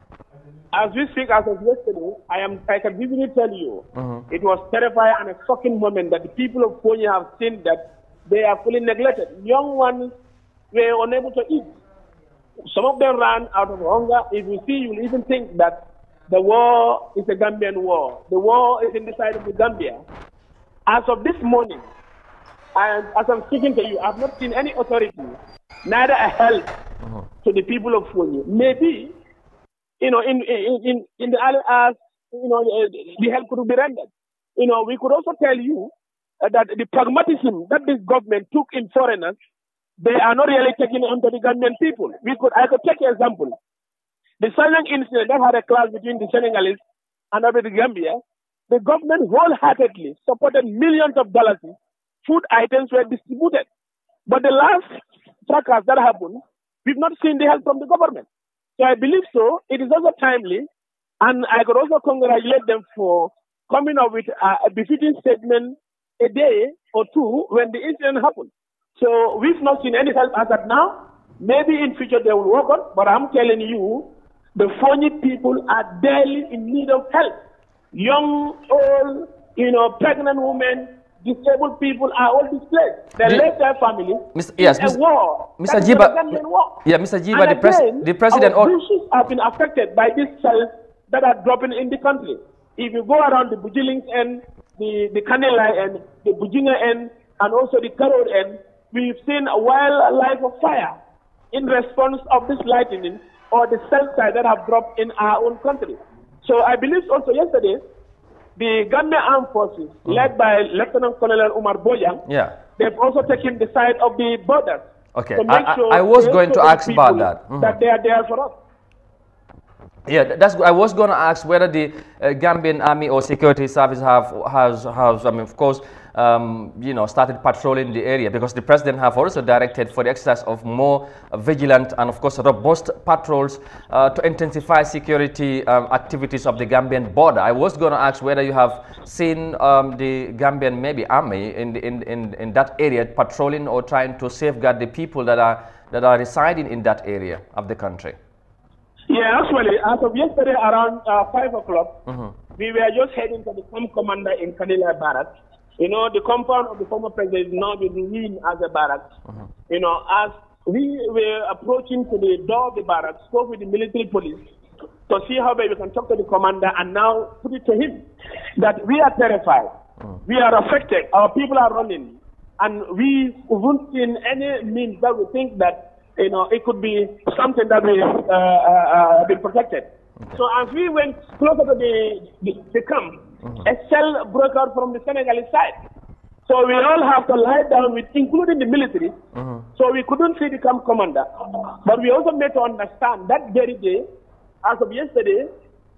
S5: As we speak, as of yesterday, I am I can vividly tell you, uh-huh. it was terrifying and a shocking moment that the people of Konya have seen that they are fully neglected. Young ones were unable to eat. Some of them ran out of hunger. If you see, you will even think that the war is a Gambian war. The war is in the side of the Gambia. As of this morning, and as I'm speaking to you, I've not seen any authority, neither a help uh-huh. to the people of Konya. Maybe you know, in in in, in the other as you know, eh, the help could be rendered. You know, we could also tell you eh, that the pragmatism that this government took in foreigners, they are not really taking on to the Gambian people. We could, I could take an example. The Senegal incident that had a clash between the Senegalese and over the Gambia, the government wholeheartedly supported millions of dollars. Food items were distributed. But the last fracas that happened, we've not seen the help from the government. So I believe so. It is also timely. And I could also congratulate them for coming up with a befitting statement a day or two when the incident happened. So we've not seen any help as of now. Maybe in future they will work on, but I'm telling you, the funny people are daily in need of help. Young, old, you know, pregnant women, disabled people are all displaced. They left their family. Mr. Yes, Mr. war. Mr. Jiba. Yeah, Mr. Jiba, the, pres the president. Our all... have been affected by these cells that are dropping in the country. If you go around the Bujilings end, the, the Kanela end, the Bujinga end, and also the Karod end, we've seen a wildlife of fire in response of this lightning or the cell that have dropped in our own country. So I believe also yesterday the Gambia Armed Forces, mm. led by Lieutenant Colonel Umar Boyan,
S1: yeah. they've
S5: also taken the side of the borders.
S1: Okay, I, sure I, I, was going to ask about that. Mm.
S5: That they are there for us.
S1: Yeah, that's. I was going to ask whether the uh, Gambian Army or Security Service have has has. I mean, of course, um, you know, started patrolling the area because the president have also directed for the exercise of more vigilant and, of course, robust patrols uh, to intensify security um, activities of the Gambian border. I was going to ask whether you have seen um, the Gambian, maybe army, in, in, in, in that area patrolling or trying to safeguard the people that are, that are residing in that area of the country.
S5: Yeah, actually, as of yesterday around uh, 5 o'clock, mm -hmm. we were just heading to the camp commander in Kanila Barracks. You know, the compound of the former president is now being ruined as a barracks. Uh-huh. You know, as we were approaching to the door of the barracks, spoke with the military police to see how we can talk to the commander and now put it to him that we are terrified. Uh-huh. We are affected. Our people are running. And we haven't seen any means that we think that, you know, it could be something that we uh, uh, uh, be protected. Okay. So as we went closer to the, the, the camp, uh-huh. a cell broke out from the Senegalese side. So we all have to lie down, with, including the military. Uh-huh. So we couldn't see the camp commander. But we also made to understand that very day, as of yesterday,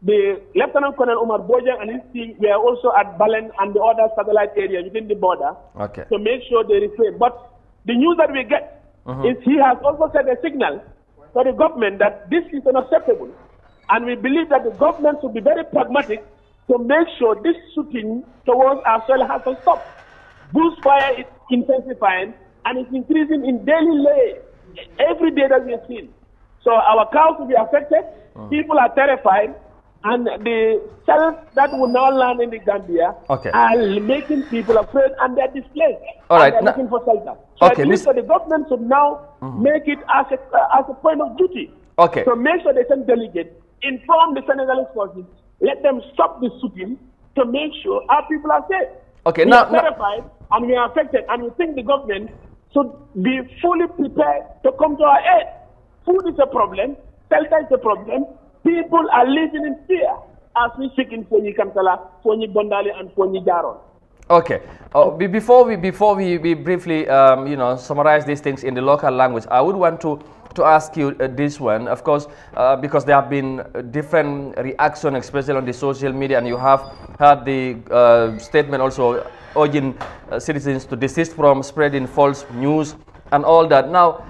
S5: the Lieutenant Colonel Omar Bojan and his team were also at Balen and the other satellite area within the border okay. to make sure they refrain. But the news that we get uh-huh. is he has also sent a signal to the government that this is unacceptable. And we believe that the government should be very pragmatic to make sure this shooting towards our soil has to stop. Bushfire fire is intensifying and it's increasing in daily lay every day that we have seen. So our cows will be affected. Oh. People are terrified. And the cells that will now land in the Gambia okay. are making people afraid and they're displaced. All right. They're looking for shelter. So okay, at least the government should now mm make it as a, as a point of duty. Okay. So make sure they send delegates, inform the Senegalese forces, let them stop the shooting to make sure our people are safe.
S1: Okay, we now, are terrified
S5: now. and we are affected, and we think the government should be fully prepared to come to our aid. Food is a problem, shelter is a problem. People are living in fear as we speak in Fonyi Kampala, Fonyi Bondali, and Fonyi Jaron.
S1: Okay. Uh, before we before we, we briefly um, you know summarize these things in the local language, I would want to to ask you uh, this one, of course, uh, because there have been uh, different reactions, especially on the social media, and you have had the uh, statement also urging uh, citizens to desist from spreading false news and all that. Now,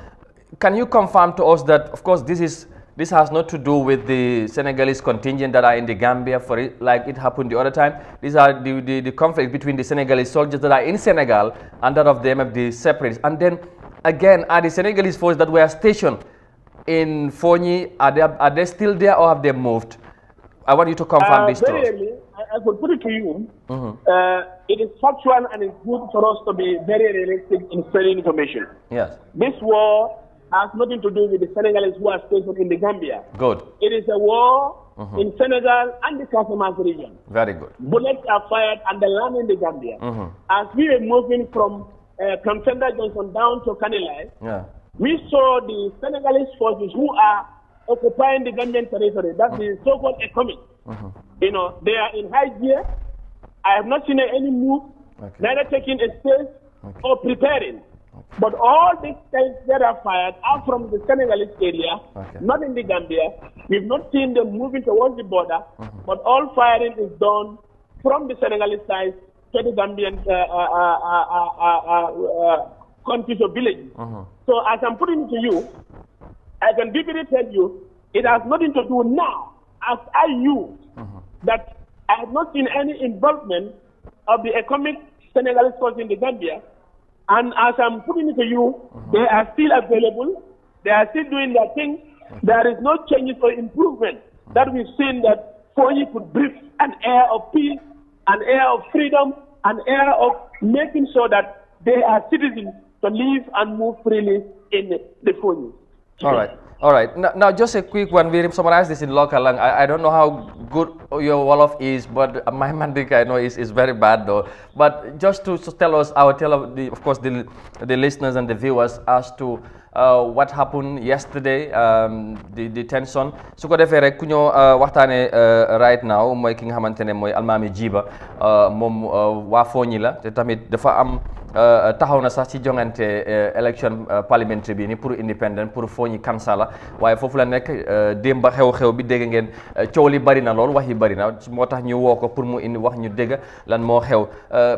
S1: can you confirm to us that, of course, this is this has not to do with the Senegalese contingent that are in the Gambia for it, like it happened the other time. These are the, the, the conflict between the Senegalese soldiers that are in Senegal and that of the MFD separatists. And then again, are the Senegalese forces that were stationed in Fonyi, are they, are they still there or have they moved? I want you to confirm uh, this to us.
S5: I could put it to you. Mm -hmm. uh, it is factual and it's good for us to be very realistic in spreading information. Yes. This war has nothing to do with the Senegalese who are stationed in the Gambia. Good. It is a war mm -hmm. in Senegal and the Casamance region. Very good. Bullets are fired and they land in the Gambia. Mm -hmm. As we were moving from uh, Johnson down to Kanilai, yeah. we saw the Senegalese forces who are occupying the Gambian territory. That's uh-huh. mm -hmm. the so-called economy. You know, they are in high gear. I have not seen any move, okay. neither taking a space okay. or preparing. But all these tanks that are fired are from the Senegalese area, okay. not in the Gambia. We've not seen them moving towards the border, but all firing is done from the Senegalese side to the Gambian uh, uh, uh, countries or villages. So, as I'm putting it to you, I can vividly tell you it has nothing to do now, as I use, that I have not seen any involvement of the economic Senegalese force in the Gambia. And as I'm putting it to you, uh-huh. they are still available. They are still doing their thing. There is no changes or improvement uh-huh. that we've seen that Foyi could breathe an air of peace, an air of freedom, an air of making sure that they are citizens to live and move freely in the Foyi.
S1: All right. All right. Now, now, just a quick one. We summarize this in local I, I don't know how good your Wolof is, but my Mandinka I know is, is very bad though. But just to, to tell us, I will tell the, of course the the listeners and the viewers as to Uh, what happened yesterday um, di di tension su ko defee rek ku ñoo uh, waxtaanee uh, right now mooy ki nga xamante ne mooy Almami Jiiba moom waa Fooñi la te tamit dafa am taxaw na sax ci jongante élection parlementaire bi ni pour indépendant pour Fooñi la waaye foofu la nekk démb ba xew-xew bi dégg ngeen coow li bari na lool wax yi bari na moo tax ñu woo ko pour mu indi wax ñu dégg lan moo xew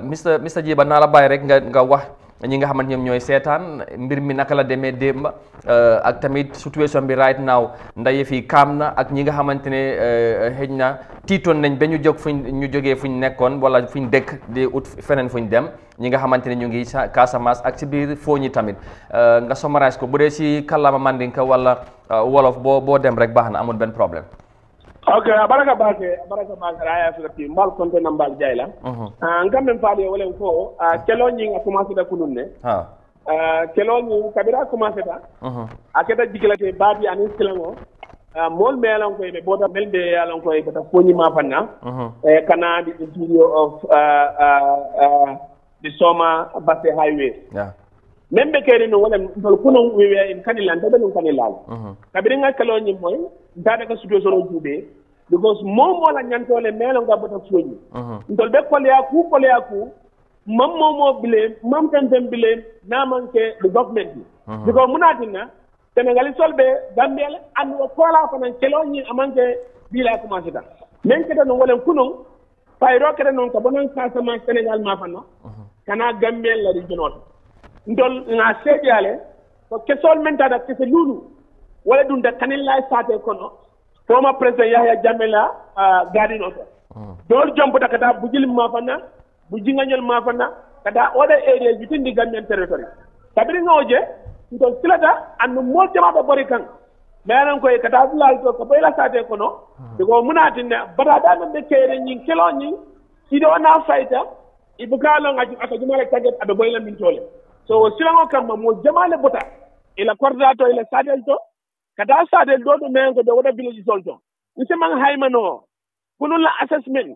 S1: Mr Mr Jiiba naa la bàyyi rek nga nga wax. ñi nga xamante ñoom ñooy seetaan mbir mi naka la demee démb euh, ak tamit situation bi right now ndaye fii kaam na ak ñi nga xamante ne euh, xëj na tiitoon nañ ba ñu jóg fu ñu jógee ñu nekkoon wala ñu dëkk di ut feneen fuñ dem ñi nga xamante ne ñu ngi Casamance ak si biir foo fooñi tamit euh, nga summarise ko bu dee si kàllaama mandinka wala wolof boo boo dem rek baax na amul benn problème
S5: ok a baraka bake a baraka bake aya fukati mbal konte na mbal jayla ah, ngambe mfaali wala ko ah, ah. kelo nyi a commencé da kunun ne kelo nyi kabira commencé da a keta jikilate baati ani silango mool me yalan koy ɓe bota mel ɓe yalan koy kata foñima fanna e eh, kana di studio of di soma basse highway yeah. men be keri no wala tol kuno wiwe en kanila nda a kanila uh-huh. kabiri nga kalo ni moy dada ka studio solo jube because mo mo la nyantole melo nga bota suñu uh-huh. ndol be kol ya ku kol ya ku mam mo mo bile mam tan tan bile na manke the government uh-huh. because munatina senegal solbe gambel and wa kola ko nan kelo ni amanke bila commencé ta men kete no wala kuno fayro kete non ka bonan ka sama senegal ma fanno kana gambel ndol na seeƴaale ko kesol men tata kese luulu wala ɗum da kanen lay saate kono former président yahya jamela gadin oto hmm. dool jompota kata bujil mafana bujingañol mafana kata oɗa area ji tindi gambian territory kabiri nga oje nto silata anno mool jamaɓe bori kan mayanan koye kata village to ko ɓayla saate kono siko a bataɗa men ɓe keere ñin kelo ñin sido ona fayta ibukalon aka jumala taget aɓe ɓoyla min toole so o silaŋo kamma mo jama le buta ila korda to ila sadel to kata sadel do do men ko be wada village sol to nse man haymano kunun la assessment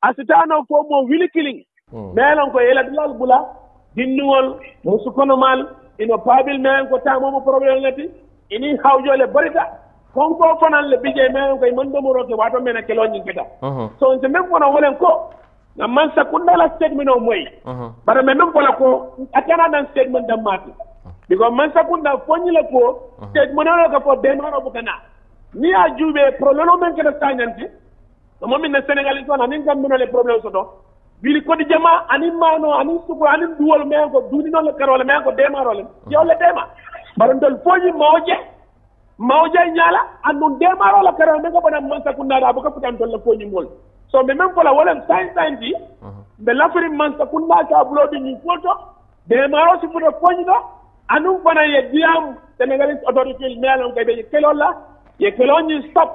S5: asitano fo mo wili killing hmm. melon ko ila dulal bula dinnuwol mo sukonomal ino paabil men ko tamomo probléme nati ini hawjole barita konko fanan le bije men koye man domoroke wato mena keloñin keta uh-huh. so nse men kono wolen ko nga man sa ku nala statement o moy bara men non ko atana nan statement da mati biko man sa ku nda fonni la ko statement o ko fo demaro bu kana ni a jube problème o men kena sañanti mo min na senegal to na nin gam mino le problème so do bili ko di jama ani mano ani suko ani duwol men ko duni non le karole men ko demaro le yo le dema bara ndol fonni mawje mawje nyala andu demaro la karole men ko bana man sa ku nda bu ko to le mol sombe men fola wolen sain sainti mbe lafiri mansa kunnaka bulodi ñin foto demaro si futo a anum fana ye diyam sénégalais autorité mealon kay ɓe kelol la ye keloñin stop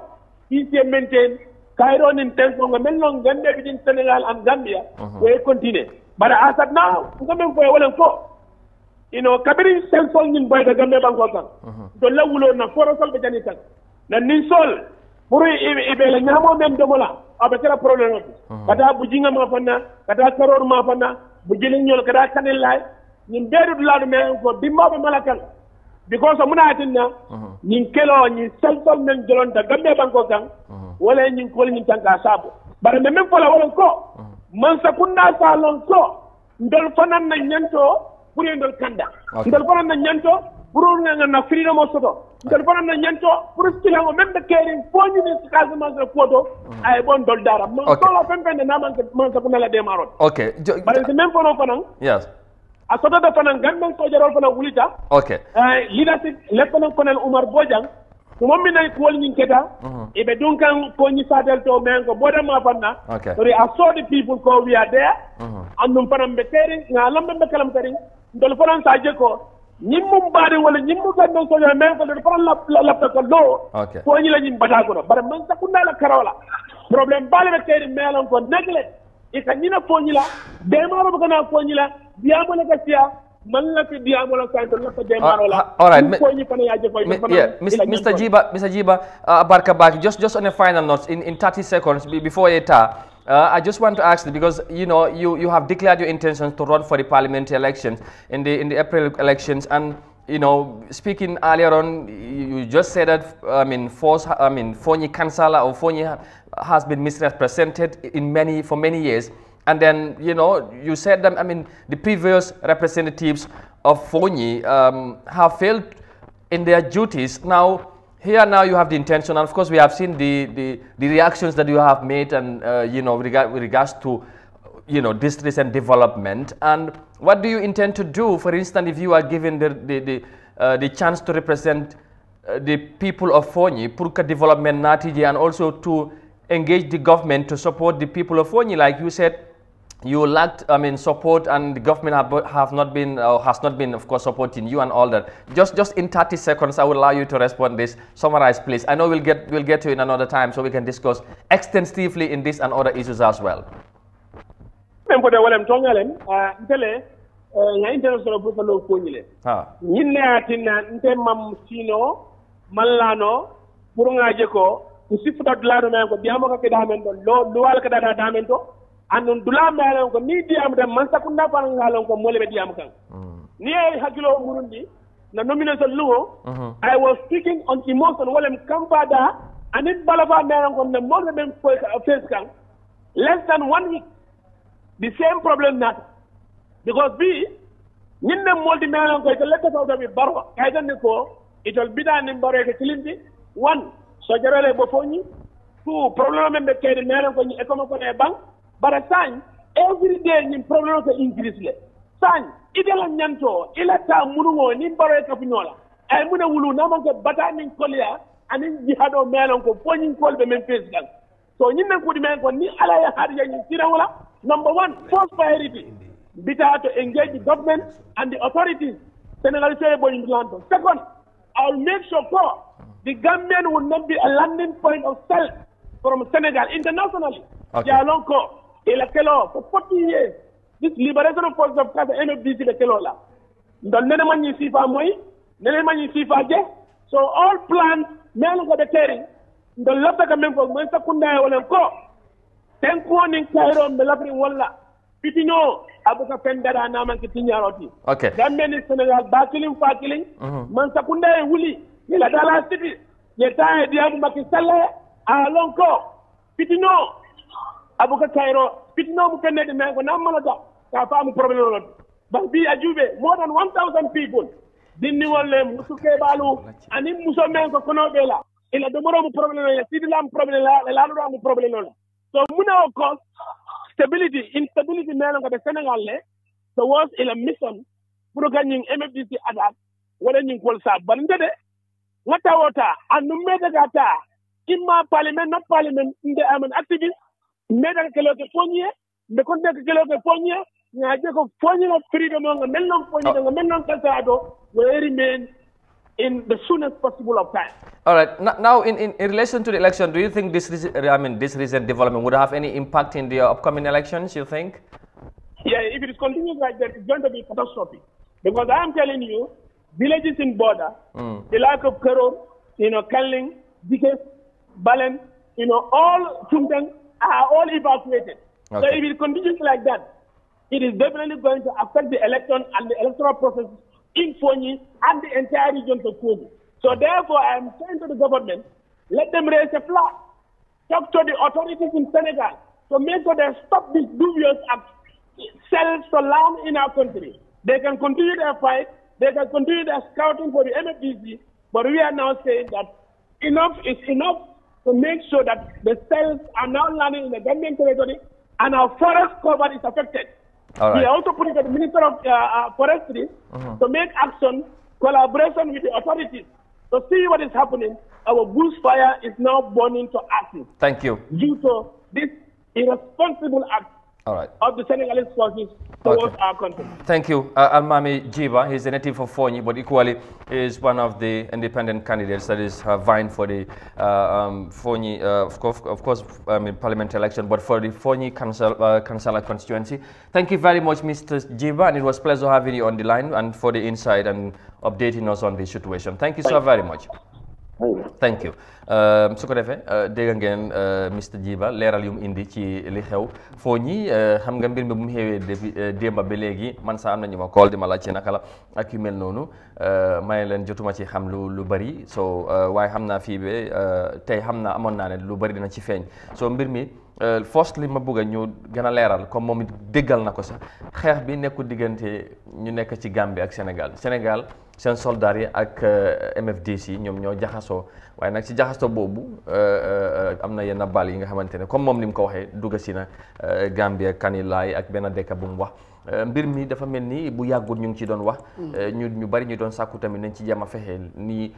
S5: isie maintain kayro nin tenkongo men noon gambia ɓiɗin sénégal an gambia koye continue bara asat na gomen foye wolen fo ino kabiri sensol ñin boyta gambia ɓanko kan to lawulo na foro sol ɓe jani kan nan nin sol pour iɓele ñamo men domola a be kɛra problème ye ka taa bujiŋa ma fana ka taa karor ma fana bujilin ñol ka taa kanin laye ñin bee du dulaa du meeŋ ko bimmaaɓe mala kan because muna atin na ñin keloo ñin salsal men jolonta gambee banko kan wala ñin kol ñin tanka saabu bari me min fola wolon ko mansa sa saalon ko ndol fanan na ñanto pour ndol kanda ndol fanan na ñanto pour nga na freedom o soto joni fotanno ñanto pour skile o même ɓe keerin foñini casamance photo mm. ay ɓon doldaram ma solo fen fende namanke manque pour nala démarode
S1: ok bare si même fono fanan yes
S5: a sotode fanan gamben sojarol fanan wulita ok leadership le fanan konel oumar bojang mom mi nay kuwol ñin keta e ɓe ɗum kan koñi satel to men ko ɓodema fanna sori a soodi people ko wiya deya andum fanan ɓe keerin ngalam ɓe ɓe kalam kadi ndol fanan sa jekko ñimmumbaaɗe walla ñimmuganno soño min ko ɗeɗo fota labta kollo koñila ñim bata kono bara min sakkunnala karawla probléme mbaale ɓe keyde meelon ko negle e ka ñina koñila demaro ɓe kana koñila diyamola ka siya mallaki diyamola kanto lappa demarola alright koñi fana yaje fay mr
S1: jiba mr jiba uh, barka baki just just on a final note in in 30 seconds before yetta Uh, I just want to ask because you know you, you have declared your intentions to run for the parliamentary elections in the in the April elections, and you know speaking earlier on, you just said that I mean force I mean Fonyi Kansala or Fonyi has been misrepresented in many for many years, and then you know you said that I mean the previous representatives of Fonyi um, have failed in their duties now here now you have the intention and of course we have seen the, the, the reactions that you have made and uh, you know regard, with regards to you know districts and development and what do you intend to do for instance if you are given the, the, the, uh, the chance to represent uh, the people of Fonyi, Purka Development Natiji and also to engage the government to support the people of Fonyi like you said you lacked, I mean, support, and the government have, have not been, uh, has not been, of course, supporting you and all that. Just, just in 30 seconds, I will allow you to respond this. Summarize, please. I know we'll get, we'll get to in another time, so we can discuss extensively in this and other issues as well. Uh, uh, ah
S5: andun dula mbaalen ko ni diyam dem man sakunda fanan ngalen ko mole be diyam kan hmm. ni ay hakilo murundi na nomination luo uh-huh. i was speaking on emotion walem kamba da anit balafa meren ko ne mole ben ko face kan less than one week the same problem na because bi ñin ne moldi meren ko ko lekko sawda bi barwa kay tan ko itol bidani mbaro ke tilindi one so jarale two problem men be kede meren ko ñi e ko bank but bara sañ every in ñin problème ko increase le sañ idela ñanto ila ta munugo ni baroy ka fuñola ay muna wulu na man ko bata min kolya anin jihado melon ko poñin kolbe men pesgal so ñin nan kudi men ko ni ala ya hadi ya ñin tirawla number 1 first priority bita to engage the government and the authorities senegal sey boñin lanto second i'll make sure ko the Gambian will not be a landing point of self from Senegal internationally. Okay. They long call. elakelo fo foti ye this liberation force of kasa eno bisi le kelo la ndon nene manyi sifa moy nene manyi sifa je so all plans melo ko de teri ndon lafta ka men ko men sakunda wala ko ten ko nin kairo be lafri wala fitinyo abuka fendara na man kitinyaroti okay gambe ni senegal bakilin fakilin mm-hmm. man sakunda wuli ni la dala siti ye tae diabu makisale alonko fitinyo abuka kayro fitnomu kennede men ko nammalata ka faamu probléme o nodde ba mbi a more than one thousand people dinniwolle sukeɓaalu ani muso men ko konoɓe la ila domoromo probléme ya sidilamu probléme la laaluɗoamu probléme o la so muna o cause stability instability melo de ɓe sénégal le so was ila mission pour que mfdc adat wala ñing kol sa balinde de nga tawota annumede ga ta imma parlement na parlement nde amen activiste mbeɗa keloke foñiye ko freedom men will remain in the soonest possible of time.
S1: All right. Now, in, in, in relation to the election, do you think this, I mean, this recent development would have any impact in the upcoming elections, you think? Yeah,
S5: if it continues like that, it's going to be catastrophic. Because I'm telling you, villages in border, mm. the lack of care, you know, Kaling, because Balen, you know, all Chungtang, are all evacuated. Okay. So if it continues like that, it is definitely going to affect the election and the electoral process in Fonyi and the entire region of Foni. So therefore, I am saying to the government, let them raise a flag. Talk to the authorities in Senegal to make sure they stop this dubious sales alarm in our country. They can continue their fight. They can continue their scouting for the MFDC. But we are now saying that enough is enough to make sure that the cells are now landing in the Gambian territory and our forest cover is affected. All right. We also put it to the Minister of uh, uh, Forestry uh-huh. to make action, collaboration with the authorities to see what is happening. Our bushfire is now burning to ashes.
S1: Thank you. Due to
S5: this irresponsible act all right. Of the Senegalese forces towards okay. our country.
S1: Thank you. Uh, Almami Jiba, he's a native of Fonyi, but equally is one of the independent candidates that is uh, vying for the uh, um, Fonyi, uh, of course, of course um, I mean, parliament election, but for the Fonyi Council, uh, constituency. Thank you very much, Mr. Jiba, and it was pleasure having you on the line and for the insight and updating us on the situation. Thank you Thank so you. very much. Thank you. Euh, su ko defee euh, dégg ngeen euh, Mr Djiba leeral yu mu indi ci li xew foo ñi xam nga mbir mi bu mu xewee depuis démba ba léegi man sax am na ñu ma kool di ma laaj ci naka la ak yu mel noonu may leen jotuma ci xam lu lu bari so waaye xam naa fii ba tey xam naa amoon naa ne lu bari dina ci feeñ so mbir mi first li ma bëgg a ñu gën a leeral comme moom it déggal na ko sax xeex bi nekku diggante ñu nekk ci Gambie ak Sénégal Sénégal seen soldats yi ak euh, MFDC yi ñoom ñoo jaxasoo waaye nag ci jaxasoo boobu euh, euh, am na yenn bal yi nga xamante ne comme moom ni mu ko waxee dugg si na Gambia Kanilaay ak benn dëkk bu mu wax mbir mi dafa mel ni bu yàggul ñu ngi ci doon wax. Mm. ñu ñu bari ñu doon sàkku tamit nañ ci jàmm a fexe nii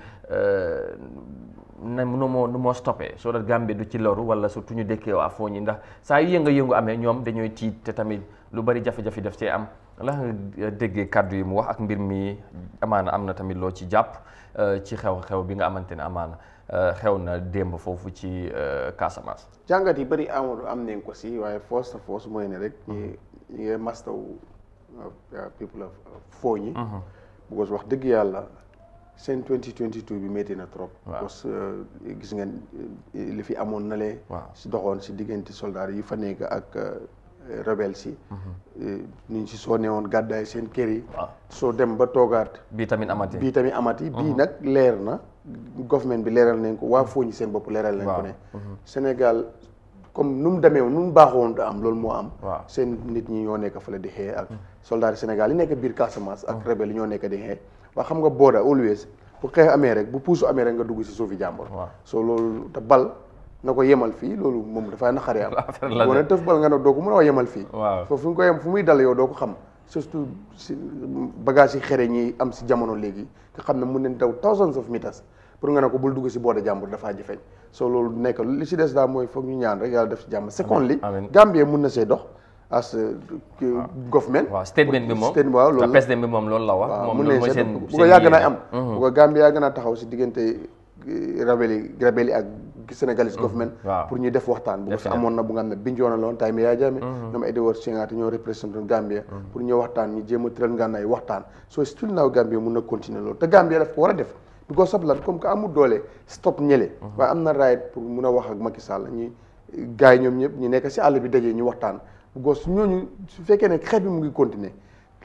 S1: na nu moo nu moo stoppé soo dat Gambie du ci loru wala surtout ñu dekkee waa foo ñi ndax saa yu yënga yëngu amee ñoom dañooy tiit te tamit lu bari jafe-jafe daf cee am. la nga eh, déggee kàddu yi mu wax ak mbir mi amaana am na tamit loo ci jàpp eh, ci xew-xew bi nga amante ne amaana eh, xew na démb foofu ci Casamance.
S2: jàngat yi bëri amul am nañ ko si waaye force à force mooy ne rek. ñu ñu ngi mastaw people of foo ñi. Mhm. because wax dëgg yàlla seen 2022 bi métti na trop. parce gis ngeen li fi amoon na lee. waaw si doxoon si diggante soldaar yi fa nekk ak. Euh, rebelles yi ni si mhm. euh, soo newoon gàddaay seen kër yi soo dem ba toogaat
S1: bii tamit amati bii
S2: tamit amati mhm. bii nag leer na government bi leeral nañ ko waa mhm. Foñi seen bopp leeral nañ ko ne Sénégal comme nu mu demee nu mu baaxoon da am loolu moo am seen nit ñi ñoo nekk fële di xee ak soldat Sénégal yi nekk biir Casamance ak rebelle yi ñoo nekk di xee waa xam nga booda always bu xeex amee rek bu puusu amee rek nga dugg si suufi jàmbur soo loolu te bal na ko fi fii loolu moom na naqari am boo teuf bal nga ne doo mo yemal fi foofu nga ko yem fu muy dal yow doo xam surtout ci bagage yi xere ñi am si jamono legi nga xamna mu neen daw thousands of meters pour nga ne ko bul dugg si boode jàmbur dafaa jafeñ so lolou nekk li ci dess da moy foog ñu ñaan rek yalla def si jàmm Secondly, li Gambie mun na sey dox as government wa statement bi mom statement waaw loolu président bi
S1: mom lolou la wax mom loolu seen bu ko yag na am mhm. bu ko
S2: Gambie yag na taxaw ci diggante eh, rabeli rabeli ak Sénégalese mmh. government pour ñu def waxtaan bu nga amoon na bu nga xam ne binjoona loon tay mi yaa jaame mmh. ñoom Edouard Senghate ñoo représenté Gambia mmh. pour mun na continuer loolu te Gambia daf ko war a def because of comme que amul doole stop ñële waaye am na right pour mun a wax ak Macky Sall ñi gars yi ñoom ñëpp ñu nekk si àll bi dajee ñu waxtaan because ñooñu su fekkee ne xeex mu ngi continuer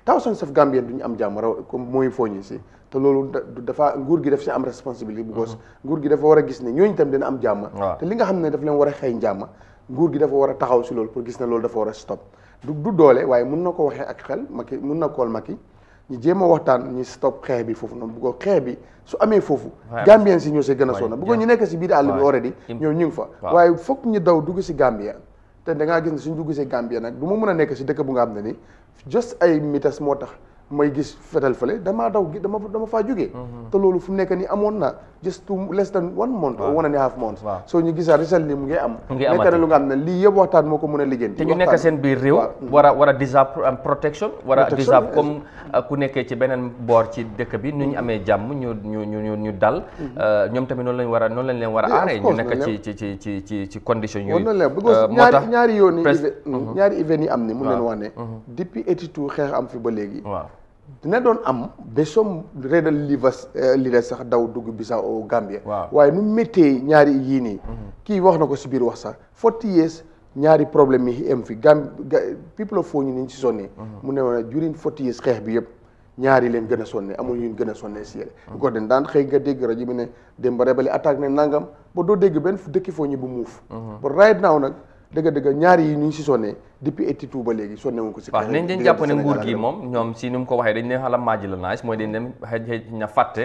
S2: thousands of Gambians duñu am jàmm raw comme mooy fooñi si te loolu dafa nguur gi def si am responsabilité bu mhm. nguur gi dafa war a gis ni ñooñu tam dina am jàmm te li nga xam ne daf leen war a xëy jàmm nguur gi dafa war a taxaw si loolu pour gis ne loolu dafa war a stop du doole waaye mun na ko waxee ak xel Macky mun na kool Macky ñu jéem a waxtaan ñu stop xeex bi foofu noonu bu ko xeex bi su amee foofu Gambien si ñoo si gën a sonn bu ko ñu nekk si biir àll bi already ñoo ñu ngi fa waaye foog ñu daw dugg si Gambia te da ngaa gis ne suñ dugg si nag du ma mën a nekk si dëkk bu nga xam ne ni just ay mitas moo tax may gis fetal fële damaa daw dama dama faa jógee mhm. te loolu fu mu nekk nii amoon na just two less than one month or one and a half months soo ñu gisaa result li mu ngi am nekk na lu nga xam ne lii yëpp waxtaan moo ko mën a liggéey te ñu nekk seen biir réew mm-hmm. war a
S1: war a deserve protection war a comme euh, ku nekkee ci beneen boor ci dëkk bi nu ñu mm-hmm. amee jàmm ñu ñu ñu ñu dal mm-hmm. euh, ñoom tamit noonu lañ war a noonu lañ leen war a aaree ñu nekk ci ci ci ci ci ci condition yooyu noonu euh, la yoon yi
S2: ñaari yi am ni mun leen wax ne depuis ba léegi dina doon am besom reedal livas euh, lire sax daw dugg Bissau Gambia waaye nu méttee ñaari yii nii mhm. kii wax na ko si biir wax sax forty years ñaari problème yi am fi Gambia people of fooñu niñ si sonnee mhm. mu ne woon during forty years xeex bi yëpp ñaari leen gën a sonne amul ñun gën a sonnee si yéen ko mhm. den daan xëy nga dégg rajo bi ne dem ba rebali attaque ne nangam ba doo dégg benn dëkki fooñu bu muuf ba right now nag dëgg-dëgg ñaar yi ñu ngi si sonné depuis étude ba léegi sonné wu ko si. waaw nañ leen jàpp ne nguur gi
S1: moom ñoom si ni mu ko waxee dañ leen xala maaji la naaj mooy dañ leen xëy na fàtte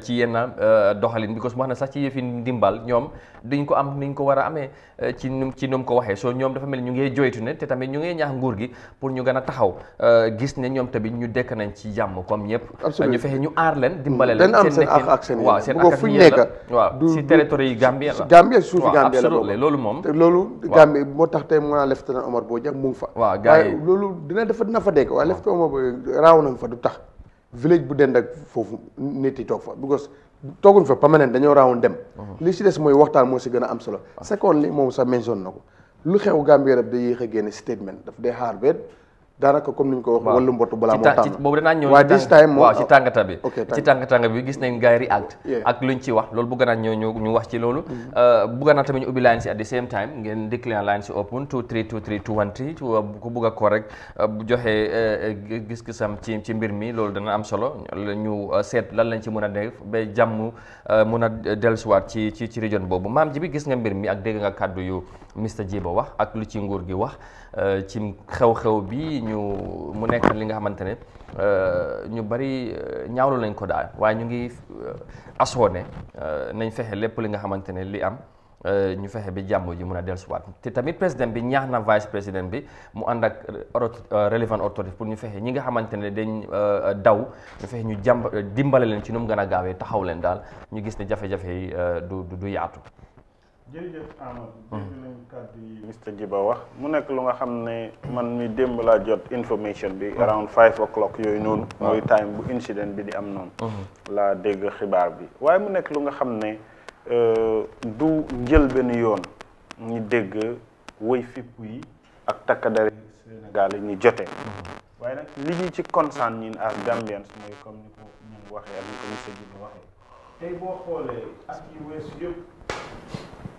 S1: ci yenn euh, doxalin bi parce que wax sax ci yëfi ndimbal ñoom duñ ko am nu ñu ko war a amee euh, ci nu ci nu mu ko waxee soo ñoom dafa mel ñu ngee joytu ne te tamit ñu ngee ñaax nguur gi pour ñu gën a taxaw euh, gis ne ñoom tamit ñu dekk nañ ci jàmm koom ñëpp ñu fexe ñu aar leen dimbale leen seen nekk ak seen waaw seen ak fu ñu nekk waaw si territoire yi Gambie la Gambie suufi Gambie la loolu moom
S2: loolu Gambie moo tax tey mu naa lefte na Omar Bojang mu ngi fa waaw gars
S1: loolu dina dafa dina fa
S2: dekk waaye lefte Omar Bojang raaw fa du tax village bu dend ak foofu nit yi toog fa because tooguñ fa permanent dañoo raawoon dem. Uh-huh. li si des mooy waxtaan moo si gën a am solo. Ah. second li moom
S1: sa mention na ko
S2: lu xew Gambia rek day yéex a génne statement daf day xaar ba. daanaka comme ni ñu ko wax wàllu mbottu balaa moo tàng boobu danaa ñëw waaw this time waaw ci tàngata
S1: bi ci tàngatanga bi gis nañ gars yi react ak luñ ci wax loolu bëgg naa ñëw ñu ñu wax ci loolu mm-hmm. euh, bëgg naa tamit ñu ubbi line si at the same time ngeen déclin line si open 2323213 ku bëgg a ko rek euh, bu joxee euh, gis-gisam ci ci mbir mi loolu dana am solo ñu seet lan lañ ci mën a def ba jàmm mën a dellusiwaat ci ci ci région boobu maam ji bi gis nga mbir mi ak dégg nga kàddu yu Mr Djiba wax ak lu ci nguur gi wax euh, ci xew-xew bi ñu mu nekk li nga xamante ne euh, ñu bari euh, ñaawlu lañ ko daal waaye ñu ngi asoo ne nañ fexe lépp li nga xamante ne li am ñu fexe bi jàmm ji mun a dellusiwaat te tamit président bi ñaax na vice président bi mu ànd ak relevant authority pour ñu fexe ñi nga xamante ne dañ daw ñu fexe ñu jàmb dimbale leen ci nu mu gën a gaawee taxaw leen daal ñu gis ne jafe-jafe yi du du yaatu.
S3: jërëjëf Amadou hmm. dégg nañu kàddu yi Mr Djiba wax mu nekk lu nga xam ne man mi démb laa jot information bi hmm. around five o'clock yooyu noonu mooy hmm. time bu incident bi di am noonu laa dégg xibaar bi waaye mu nekk lu nga xam ne euh, du njël benn yoon ñu dégg woy fipp yi ak takkadari Sénégal yi ñu jote waaye nag li ñu ci concern ñin ak Gambians mooy comme ni waxee ak ni ko Mr waxee tey boo xoolee ak yi weesu yëpp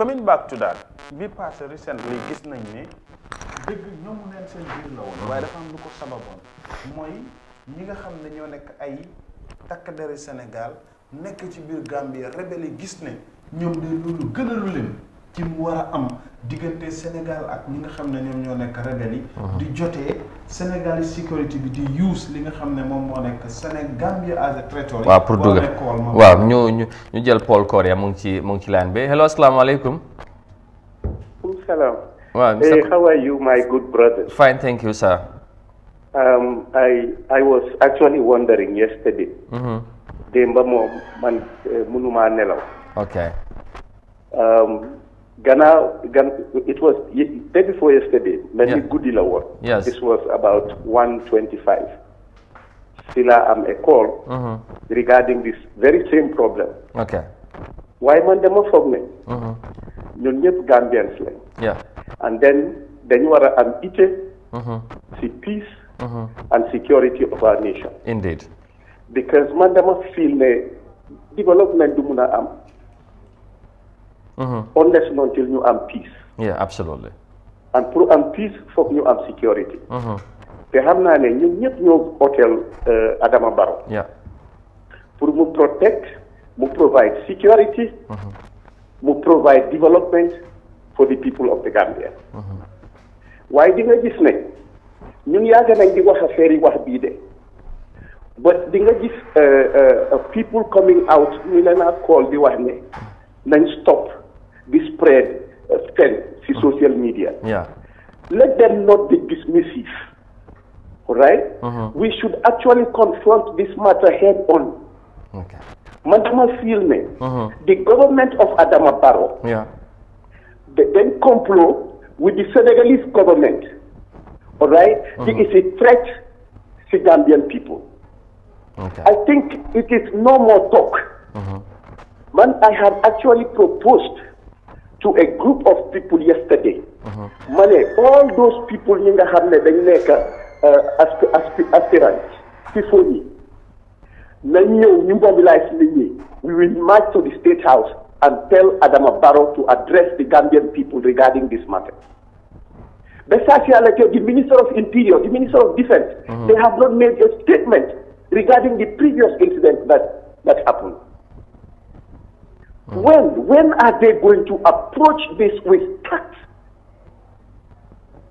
S3: coming back to that bi passé recently gis nañ ne dëgg ñoom neen seen biir la woon waaye dafa am lu ko sababoon mooy ñi nga xam ne ñoo nekk ay takk deri Sénégal nekk ci biir Gambie rebelle yi gis ne ñoom de loolu gën a leen ci mu wara am digënté Sénégal ak ñi nga xamné ñom ñoo nek rebelle yi uh-huh. di joté Sénégal security bi di use li nga xamné mom mo nek Sénégal Gambia as a traitor wa pour dugg wa
S1: ñu ñu ñu jël Paul Korea mu ngi ci mu ngi ci laan bi hello asalaamaaleykum
S6: salaam waaw hey, eh,
S1: how are you my good brother fine thank you sir
S6: um, I, I was actually wondering yesterday mm -hmm. démb moom
S5: man eh, munuma nelaw Okay. um, Ghana, Ghana, it was day before yesterday, Many yeah. Goodila was. Yes. This was about 125. Sila am uh, a call
S1: mm-hmm.
S5: regarding this very same problem. Okay. Why man demo for me?
S1: Mm-hmm.
S5: Ñun ñep Gambians lañ. Yeah. And then then you are am ité
S1: mhm si peace mm-hmm.
S5: and security of our nation. Indeed. Because man dama feel ne development do muna am on est noonu ñu am peace.
S1: yeah absolutely.
S5: and pour am peace foog ñu am security. Uh-huh. te xam naa ne ñun ñëpp ñoo hôtel euh, Adama Barrow. yeah pour mu protect mu provide security. Uh-huh. mu provide development for the people of the Gambia. Uh-huh. waaye di nga gis ne ñu yàgg nañ di wax affaire yi wax bii de but di nga gis euh, euh, people coming out ñu leen a call di wax ne nañ stop. be spread, uh, spread to mm. social media. Yeah. Let them not be dismissive. All right? mm-hmm. We should actually confront this matter head on. Okay. Madama mm-hmm. the government of Adama Barrow, yeah. they then complot with the Senegalese government. All right? Mm-hmm. It is a threat to Gambian people. Okay. I think it is no more talk. Mm-hmm. Man, I have actually proposed to a group of people yesterday. ma all those people ñi nga xam ne dañ nekk asp eh, asp aspirants ci mobilise we will march to the state house and tell Adama Barrow to address the Gambian people regarding this matter. The the Minister of Interior, the Minister of Defense, mm -hmm. they have not made a statement regarding the previous incident that, that happened. Mm. When, when are they going to approach this with tact?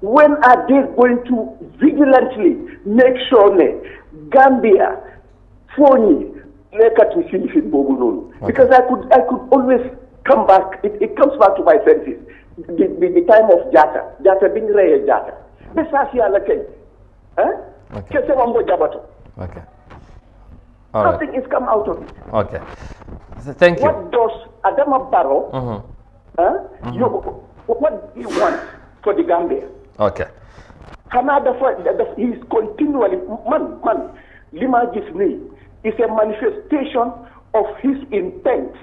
S5: When are they going to vigilantly make sure that Gambia, Foni, because I could, I could always come back, it, it comes back to my senses. The, the, the time of Jata, Jata being Raya Jata. This mm. eh? is here, Okay. Okay. All Nothing right. is come out of it.
S1: Okay. So thank you. What
S5: does Adama Barrow, mm -hmm. huh? Mm -hmm. you, what do you want for the Gambia? Okay. Canada, he is continually, man, man, Lima Gisney is a manifestation of his intent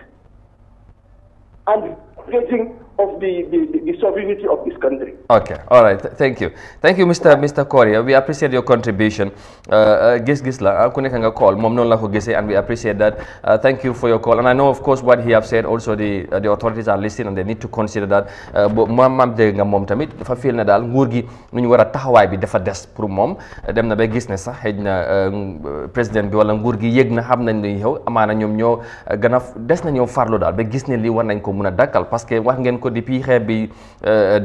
S5: and raising of the, the, the, sovereignty of this country.
S1: Okay, all right, thank you. Thank you, Mr. Mr. Korea. We appreciate your contribution. Uh, uh, gis gis la, aku ah, nekanga call, mom non la ko gise, and we appreciate that. Uh, thank you for your call. And I know, of course, what he have said, also the, uh, the authorities are listening and they need to consider that. But mam de nga mom tamit, fa feel na daal nguur gi, nu ñu war a taxawaay bi dafa des pour moom uh, Dem na ba gis ne sax, xëj na président bi wala nguur gi yëg na xam nañ li xew, amaana ñoom ñoo gën a des na mun a ko depuis xeeb bi euh,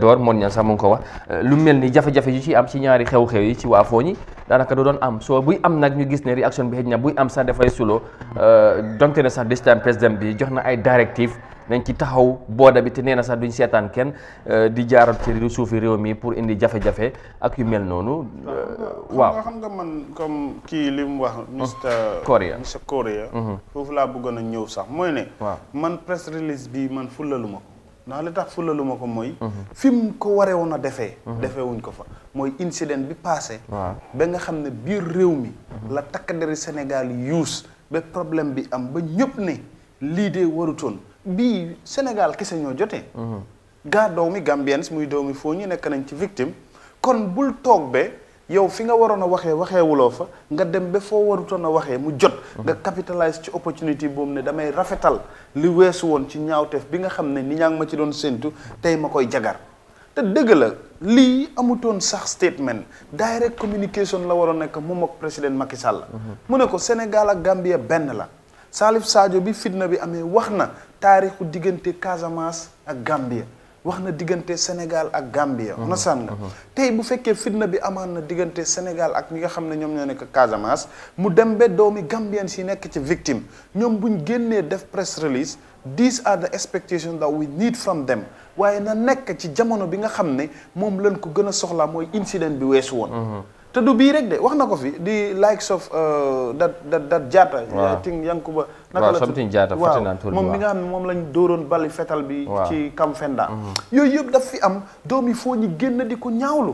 S1: door moon ñan sax mu ngi ko wax euh, lu mel ni jafe-jafe yu ci am ci ñaari xew-xew yi ci waa Fooñi daanaka du doon am soo buy am nag ñu gis ne réaction bi xëj na buy am sax dafay suloo euh, donte ne sax this time président bi jox na ay directive nañ ci taxaw booda bi te nee na sax duñ seetaan kenn di jaaral ci suufi réew mi pour indi jafe-jafe ak yu mel noonu. waaw nga
S4: xam
S3: nga man comme li mu wax. Mr hmm. Korea Mr Korea. Hmm. foofu a press release bi man fullalu naa li tax fulalu ma ko mooy. Mhm. fi mu ko waree woon a defee. Mhm. defee wuñ ko fa mooy incident bi passé. ba nga xam ne biir réew mi. Mhm. la takk deri Sénégal yuus ba problème bi am ba ñëpp ne lii de warutoon bii Sénégal kese ñoo jotee. gaa doomi Gambiens muy doomi foo ñu nekk nañ ci victime kon bul toog be yow fi nga waroon a waxee waxee fa nga dem ba foo warutoon a waxee mu jot. Mhm. nga capitalize ci opportunité boobu ne damay rafetal li weesu woon ci ñaawteef bi nga xam ne ni ñaa ngi ma ci doon séentu tey ma koy jagar te dëgg la lii amutoon sax statement direct communication la waroon nekk moom ak président Macky Sall. Mhm. mu ne ko Sénégal ak Gambia benn la. Salif Sadio bi fitna bi amee wax na taarixu diggante Casamance ak Gambia. wax na diggante Sénégal ak Gambia. understand mhm. nga mhm. tey bu fekkee fitna bi amaan na diggante Sénégal ak ñi nga xam ne ñoom ñoo nekk Casamance mu dem ba doomi Gambien si nekk ci victime ñoom bu ñu génnee def press release these are the expectations that we need from them waaye na nekk ci jamono bi nga xam ne moom lañ ko gën a soxlaa mooy incident bi weesu woon. Mhm. te du bii rek de wax na ko fi di likes of dat uh, dat dat jaata I think Yankuba naka la something jaata waaw moom mi nga xam ne moom lañ dóoroon bali fetal bi ci Kamfenda mhm. yooyu yëpp dafa fi am doom yi foo ñu génn di ko ñaawlu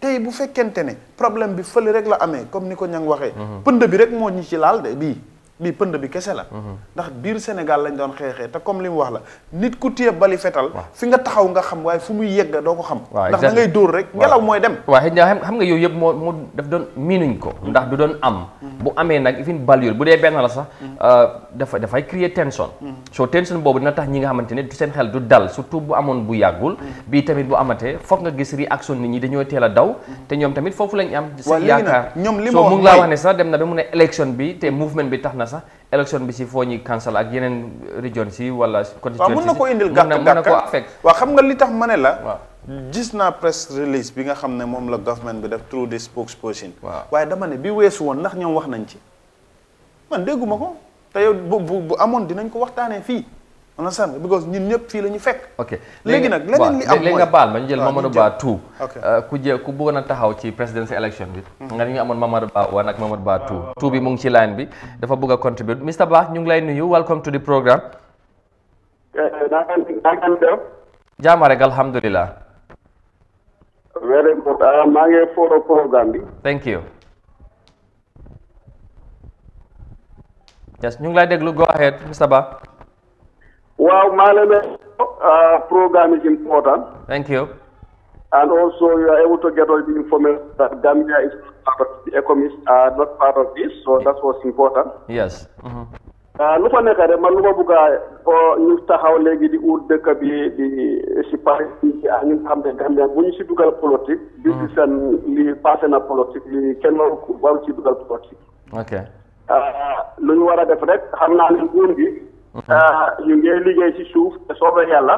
S3: tey bu fekkente ne problème bi fële rek la amee comme ni ko ñang waxee mhm. pënd bi rek moo ñu ci laal de bii lii pënd bi kessé la mhm. ndax biir Sénégal lañ doon xéxé té comme lim wax la nit ku tiyé bali fétal fi nga taxaw nga xam way fu muy yegg do ko xam ndax da ngay
S1: door rek ngelaw moy dem wa xëy na xam nga yoy yëpp mo daf doon minuñ ko mhm. ndax du doon am mhm. bu amé nak ifin bal yooyu bu dee benn la sax euh, da fay créer tension so tension bobu na tax ñi nga xamante du seen xel du dal surtout bu amone bu yagul bi tamit bu amaté fokk nga gis réaction nit ñi dañoo téla daw té ñom tamit fofu lañ am ci yaakaar so mu ngi la wax né sax dem na bi mu né élection bi té mouvement bi tax na sax élection bi si foo ñuy ak yeneen région si wala. constitution waaw na ko indil gàkk gàkk ah. waaw xam nga li tax ma ne la. waaw
S3: gis naa press release bi nga xam ne moom la government bi def through the spokesperson. waaw waaye dama ne bi weesu woon ndax ñoom wax nañ ci man dégguma ko te yow bu bu amoon dinañ ko waxtaanee fii. understand nga because ñun ñëpp fii la ñu fekk.
S1: ok léegi nag leneen li am mooy nga baal ma jël Mamadou Ba tout. Euh, ku jë ku bëggoon taxaw ci présidential election bi. Hmm. nga ñu amoon Mamadou Ba one ak Mamadou Ba tout tout bi mu ngi ci line bi dafa bëgg contribute Mr Ba ñu ngi lay nuyu welcome to the program.
S5: naa ngeen naa ngeen
S1: jaama rek alhamdulilah.
S5: very good euh, maa ngi foro programme bi.
S1: thank you. yes ñu ngi lay déglu go ahead Mr Ba.
S5: waaw Malene, ah, programme program is important. Thank you. And also, you are able to get all the information that Gambia is part of the ECOMIS, uh, not part of this, so that was important.
S1: Yes. Mm-hmm.
S5: Ah, lu man lu ma bëgg a ñu taxaw léegi di ut dëkk bi di si pare ci ah ñu nga xam ne Gambia bu ñu si dugal politique. bi si seen li passé na politique li kenn waru waru si dugal politique. ok. Ah, lu ñu war a def rek xam naa ne nguur gi. Euh, ñu ngi liggéey si suuf te soobee yàlla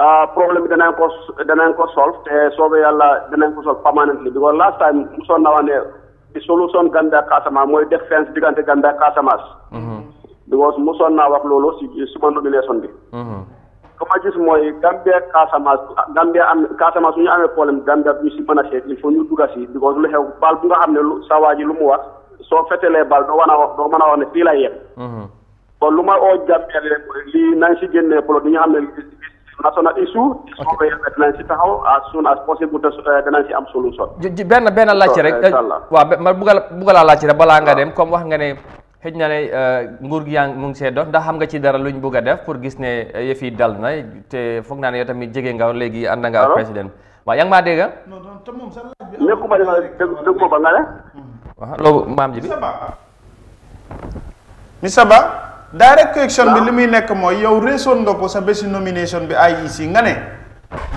S5: euh, problème bi danaa ko danañ ko solve te soobee yàlla danañ ko solve permanently because last time mosoon naa wax ne the solution Gambia Casamance mooy def fence diggante Gambia Casamance. Mm-hmm. because mosoon naa wax loolu si suma nomination bi.
S4: comme mm-hmm.
S5: ma gis mooy Gambia Casamance Gambia am Casamance su ñu amee problème Gambia bi si mën a seet il ñu dugga si because lu xew bal bu nga xam ne lu saa waa ji lu mu wax soo fetelee bal doo mën a wax doo bon lu ma oo li nañ si polo di nga xam ne national issue okay. dinañ si taxaw as soon as possible te eh, dinañ si am solution
S1: benn benn laajte rek waaw ma bugal bugalaa laajte rek balaa nga dem comme wax nga ne xëj na ne eh, nguur gi yaa mu ngi see dox ndax xam nga ci dara luñ bugg def pour gis ne eh, yëf dal na te foog yow tamit nga nga dina
S5: ko ba nga
S1: maam ji bi
S3: direct question bi li nek moy yow réesoon nga ko sa besi nomination bi IEC nga ne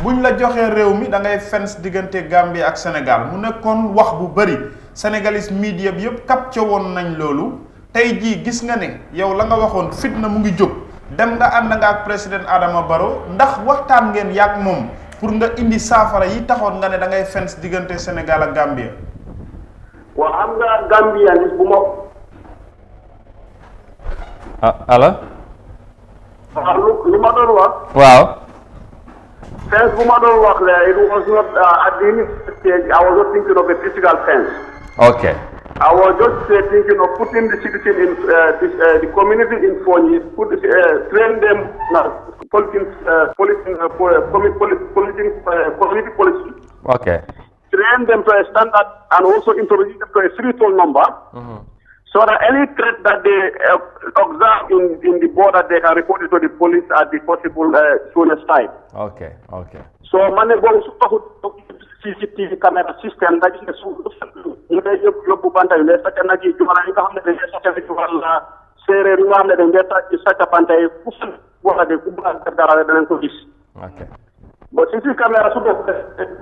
S3: buñ la joxe rew mi da ngay fens diggante Gambie ak Senegal mu kon wax bu bari, Senegalese media bi kap capté won nañ lolu tay ji gis nga ne yow la nga waxone fitna mu ngi jog dem nga and nga ak president Adama Barrow ndax waxtan ngeen yak mom pour nga indi safara yi taxone nga ne da ngay fens diggante Senegal ak Gambie.
S5: wa am nga Gambie bu mo
S4: allo. Uh, waaw lu lu ma doon wax.
S5: fence bu ma doon wax there it was not uh, at the initial stage I was not thinking of a physical fence. okay. I was just uh, thinking of putting the citizen in uh, this, uh, the community in Fonyi, put uh, train them now politics, uh, politics, uh, politics, uh, uh, politics, uh, community policy. Okay. Train them to a standard and also introduce them to a three-toll number. Mm -hmm so that any threat that they uh, observe in, in the border, they can report it to the police at the possible uh, soonest time. Okay,
S4: okay.
S1: So Manebon
S5: CCTV camera system that is ñu lay yóbbu yóbbu banta yu lay sàcc nag yi jumala yi nga xam ne dañ lay sàcc ci have a dara danañ the gis. Okay. But since you come here, sort of,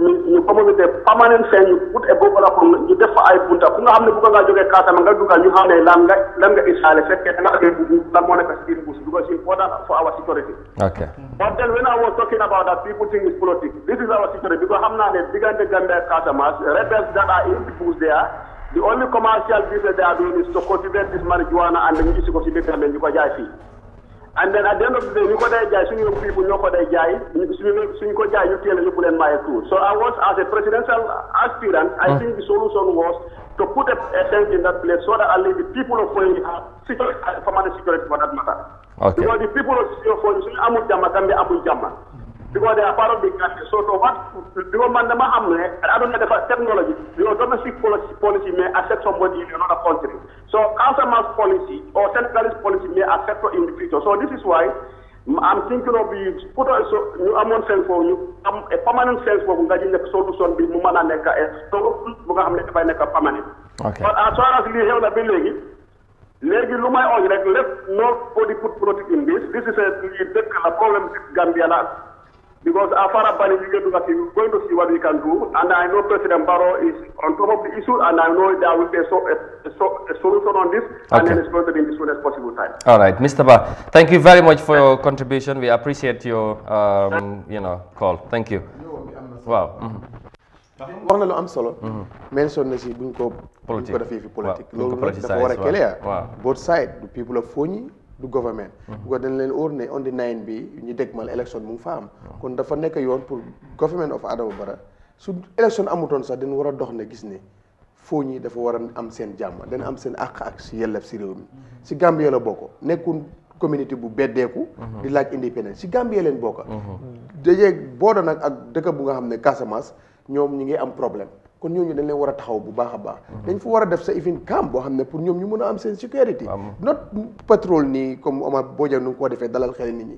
S5: you come with a permanent sign, you put a book on a you defer I put up. Kuna amne buka nga joge kasa manga duka nyu hane lamga lamga isale seke na ke buku lamone ka skin bus because it's important for our security. Okay. But then when I was talking about that, people think it's politics. This is our security because hamna ne bigger than Gambia mas rebels that are in the there. The only commercial business they are doing is to cultivate this marijuana and then you see ko sibe kambe nyu ko jaisi. and then at the end of the day ñu ko day jaay suñu people ñoo ko day jaay suñu suñu ko jaay ñu teel a yóbbu leen maaye tuur so I was as a presidential aspirant I mm. think the solution was to put a, a sense in that place so that i least the people of Foyi have security for that matter because the people of Foyi suñu amul jàmm tamit amul jàmm because they are part of the country. So to what because man am I don't know the technology. Your domestic policy policy may affect somebody in another country. So councilman's policy or centralist policy may affect in the future. So this is why I'm thinking of you put also you am on sense for you um, a permanent sense for nga the solution bi mu mëna nek eh, so bu nga permanent okay but as far as we xew na bi Let léegi lu let nobody put politics in this this is a dëkk problem, problème Gambia because Afara Bali is going to see what we can do. And I know President Barrow is on top of the issue, and I know there will be a, so, a, a solution on this, okay. and then it's going to be in the soonest possible time.
S1: All right, Mr. Ba, thank you very much for your contribution. We appreciate your, um, you know, call. Thank you. Wow. Mm -hmm.
S2: wax na lu mm-hmm. mention na si both side the people of Fonyi du government bu mhm. ko dañ leen óor ne on the nine bi ñu dégmal élection mu ngi fa am kon dafa nekk yoon pour government of Adama Barrow su élection amutoon sax dañ war a dox na gis ne foo ñi dafa war a am seen jàmm dana am seen àq ak si yelleef si réew mi mhm. si Gambie la bokk nekkul communauté bu beddeeku mhm. di laaj indépendance si Gambie leen bokk dajee booda nag ak dëkk bu nga xam ne Casamance ñoom ñu ngi am problème kon ñooñu dañ leen war a taxaw bu baax a baax dañ fa war a def sa ifin camp boo xam ne pour ñoom ñu mën a am seen sécurité not patrol nii comme ama boo jël nu ko defee dalal xel nit ñi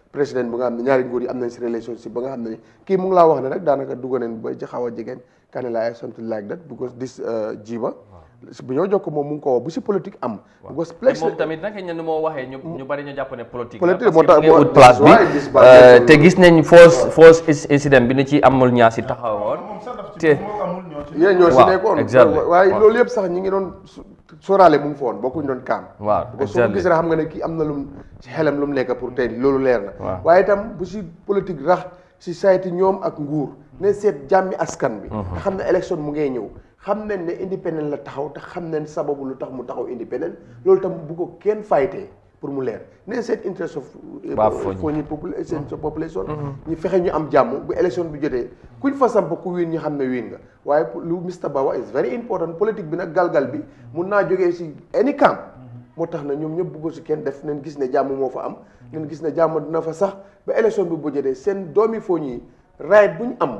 S2: président bu nga xam ñaari nguur yi am nañ si relationship ba nga xam ki mu ngi la wax ne rek danaka dugg ba ci xaw a jegeen Kane something like that because this uh, Jiba bu ñoo jokk moom mu ngi ko bu si politique
S1: am. waaw te moom tamit nag ñenn moo place bi euh, te gis nañ fausse fausse incident bi ni ci amul ñaa si taxawoon. Ah, te yéen ñoo si nekkoon. exactement waaye loolu
S2: yëpp sax ñi ngi doon sóoraale mu ngi fa woon bokkuñ doon kaam.
S1: waaw exactement parce que xam
S2: nga ne kii am na lum si xelam lu mu nekk pour tey loolu leer na. waaye itam bu si politique rax si sayti ñoom ak nguur. nañ seet jàmmi askan bi mhm. te xam ne élection mu ngay ñëw xam nañ ne indépendant la taxaw te xam nañ sababu lu tax mu taxaw indépendant loolu tam bu ko kenn faytee pour mu leer ne seet interest of eh, foo ñi mhm. seen population mhm. ñu fexe ñu am jàmm bu élection bi jotee kuñ fa samp ku wiin ñu xam ne wiin nga waaye lu Mr Bawa is very important politique bi nag galgal bi mun naa jógee si any camp moo tax na ñoom ñëpp bëgg si kenn def neen gis ne jàmm moo fa am nañ gis ne jàmm dina fa sax ba bi bu jotee seen doomi foo ñi right bu ñu am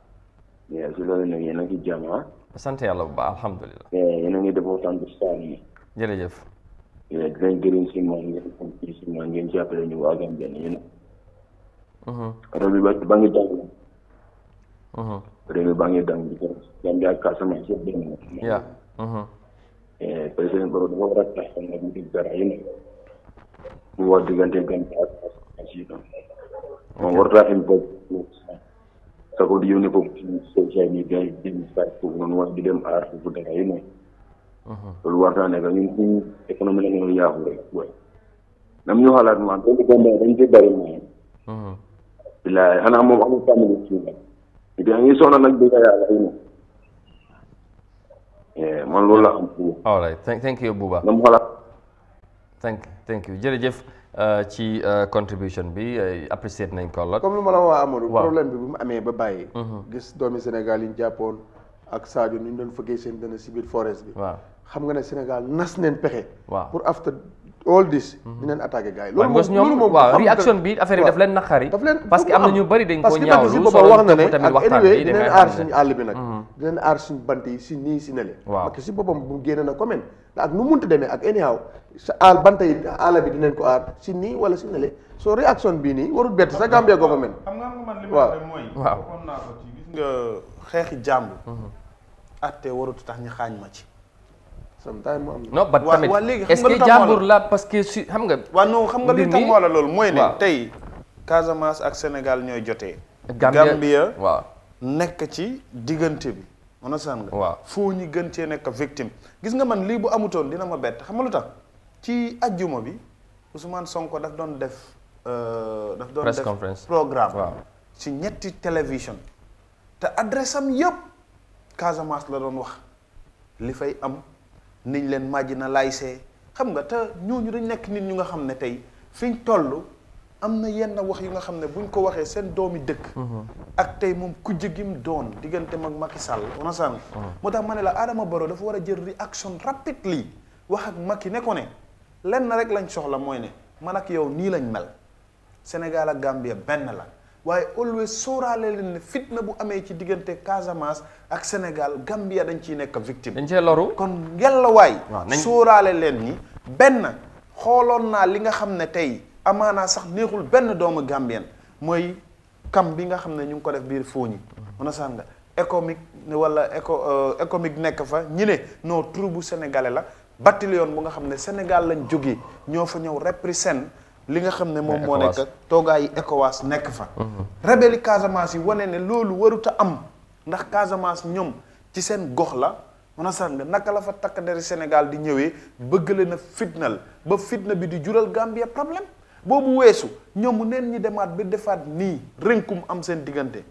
S1: Ya, si loolu nag yéen a ngi ci jàmm ah. sant yàlla bu baax alhamdulilah. yéen a ngi defoo sant Sall yi. jërëjëf.
S5: yéen dinañ gërëm si moom ngeen sant si moom ngeen jàppale ñu waa Gambie yéen. réew mi ba ba ngi dang. réew mi ba ngi dang bi Gambie ak Casamance yëpp dem na.
S4: yaa.
S5: président Barrow dafa war a tax dara mu diggante Gambie ak moom war sago di yoni ko social media di site ko non wa di dem ar ko da ngay ne lu warta ne ga ñun ekonomi économie la ñu yaaxu rek boy nam ñu xalaat ma ko ko mo dañ ci bari ya la ñu
S1: eh man all thank thank you buba nam halat, thank thank you Jeff. Euh, ci euh, contribution bi euh, apprécié nañ ko la. comme
S2: lu ma la wax Amadou. problème bi bu mu amee ba bàyyi. Mhm. gis doomi Sénégal yi ñu ak Sadio ni ñu doon fëggee seen dana si forest bi. xam nga ne Sénégal nas neen pexe. pour after all this. dinañ attaqué gars yi. loolu moom loolu moom waaw réaction bi affaire yi daf leen
S1: naqari. daf leen parce que am na ñu bëri dañ ko ñaawlu
S2: mhm. si nii si nele. waaw parce que boppam bu génne na commune ak nu munti demee ak anyhow sa àll bant yi àll bi di dinañ ko aar si nii wala si nele soo réaction bii nii warul bett sa Gambia government.
S3: xam nga man li ma wax mooy. waaw waxoon naa
S2: ko
S3: ci mhm. warut tax ñu xaañ ma ci sometimes mu am non ba tamit est-ce que jàmbur
S1: la xam nga. waaw non xam nga li tax wala loolu mooy ne
S3: tey. Casamance ak Sénégal ñooy jotee. Gambia waaw nekk ci diggante bi. on saan nga waaw foo ñu gën cee nekk victime gis nga man lii bu amutoon dina ma bett xam nga lu tax ci ajjuma bi Ousmane Sonko daf doon def. Euh, daf doon def programme waaw ci ñetti télévision te adresse am yëpp Casamance la doon wax li fay am. niñ leen na marginalisé xam nga te ñooñu dañ nekk nit ñu nga xam ne tey fiñ toll am na yenn wax yu nga xam ne buñ ko waxee seen doomi dëkk. Mhm. ak tey moom ku jëgim doon diggante mag Macky Sall. on sànq. Mhm. moo tax ma ne la Adama Barrow dafa war a jël réaction rapidement wax ak Macky ne ko ne lenn rek lañ soxla mooy ne man ak yow nii lañ mel Sénégal ak Gambia benn la. waaye always sóoraale leen ne fitna bu amee ci diggante Casamance ak Sénégal Gambia dañ ciy nekk victime. dañ cee loru kon yàlla waay. sóoraale leen ni benn xooloon naa li nga xam ne tey amaanaa sax neexul benn doomu Gambien mooy kam bi nga xam ne ñu ngi ko def biir foo fooñi. on nga économique wala éco économique euh, nekk fa ñi ne non troupe bu sénégalais la. bataillon bu nga xam ne Sénégal lañ jóge ñoo fa ñëw représenter li nga xam ne moom moo nekk yi ECOWAS nekk fa. Mhm. rebelle yi Casamance yi wane ne loolu warut a am ndax Casamance ñoom ci seen gox la mën sax nga naka la fa takk deri Sénégal di ñëwee bëgg leen a ba fitna bi di jural Gambia problème boobu weesu ñoom neen ñi demaat ba defaat nii rënkum am seen diggante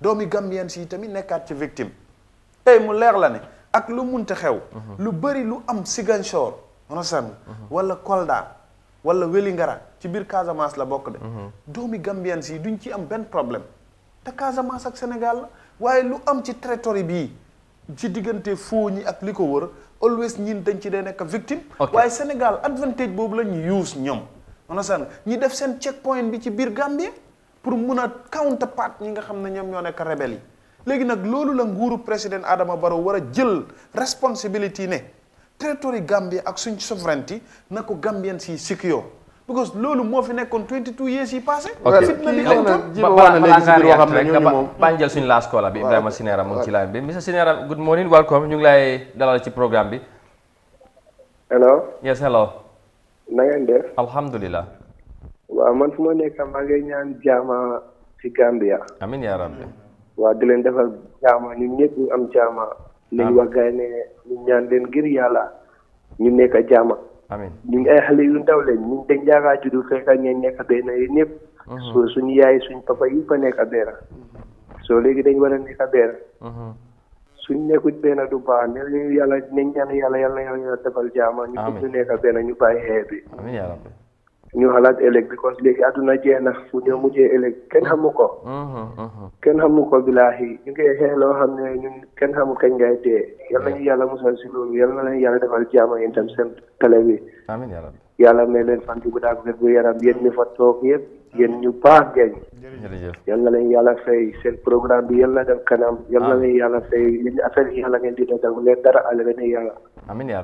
S3: doomi Gambien si tamit nekkaat ci victime mu leer la ne ak lu munte xew. Mhm. bëri lu am Ziguinchor mën mhm. wala Kolda wala Wélingara. ci biir Casamance la bokk de. Mhm. doomi Gambien si duñ ci am benn problème te Casamance ak Sénégal la waaye lu am ci territoire bi ci diggante foo ñi ak li ko wër always ñin dañ ci day nekk victime. waaye Sénégal advantage boobu la ñu use ñoom. understand ñi def seen check bi ci biir Gambie pour mun a counterpart ñi nga xam ne ñoom ñoo nekk rebelle yi léegi nag loolu la nguuru président Adama Barrow war a jël responsibility ne territoire Gambie ak suñ souveraineté na ko Gambien si sikiyoo because lolu mo fi nekkon 22 years yi passé. fitna
S1: bi amutoon bañ jël suñu last call bi Ibrahima Sinera mu ci bi Mr Sinera good morning welcome ñu ngi lay dalal ci programme bi. hello. yes hello. na ngeen def. alhamdulilah.
S6: man fu nekk maa ngi ñaan jaama ci Gambia. Ya?
S1: amiin yaa rabbi.
S6: di leen defal jaama ñun ñu am jaama. nañ wax gars ñu ñaan leen ngir
S1: ñu nekk jaama.
S4: amiin
S6: ñu ngi ay xale yu ndaw lañ ñun dañ jaagaa juddu fekk ak ñeen nekk benn yi ñëpp. Mhm. soo suñu yaay suñ papa yi fa nekk benn. Mhm. soo léegi dañ war a nekk benn. Mhm. suñ nekkul benn du baax ne yàlla nañ ñaan yàlla yàlla yàlla defal jaama. ñu nekk benn ñu bàyyi xeet ñu xalaat ëllëg because léegi àdduna jeex na fu ñu mujjee ëllëg kenn xamu ko. Uh-huh, uh-huh. kenn xamu ko bilaahi ñu ngi xeex loo xam ne ñun kenn xamu kañ ngay dee yal nañu yàlla musal si loolu yal na leen yàlla defal jaama yéen tam seen télé bi. amiin yàlla leen fan bu daag wér gu yaram yéen ñi fa toog yëpp ñu baax ngeen. jërëjëf yal na leen yàlla fay seen programme bi yal na dem kanam. yal na leen yàlla fay yéen affaire yi yàlla ngeen di doon leen dara àll ba ne yàlla.
S1: amiin yaa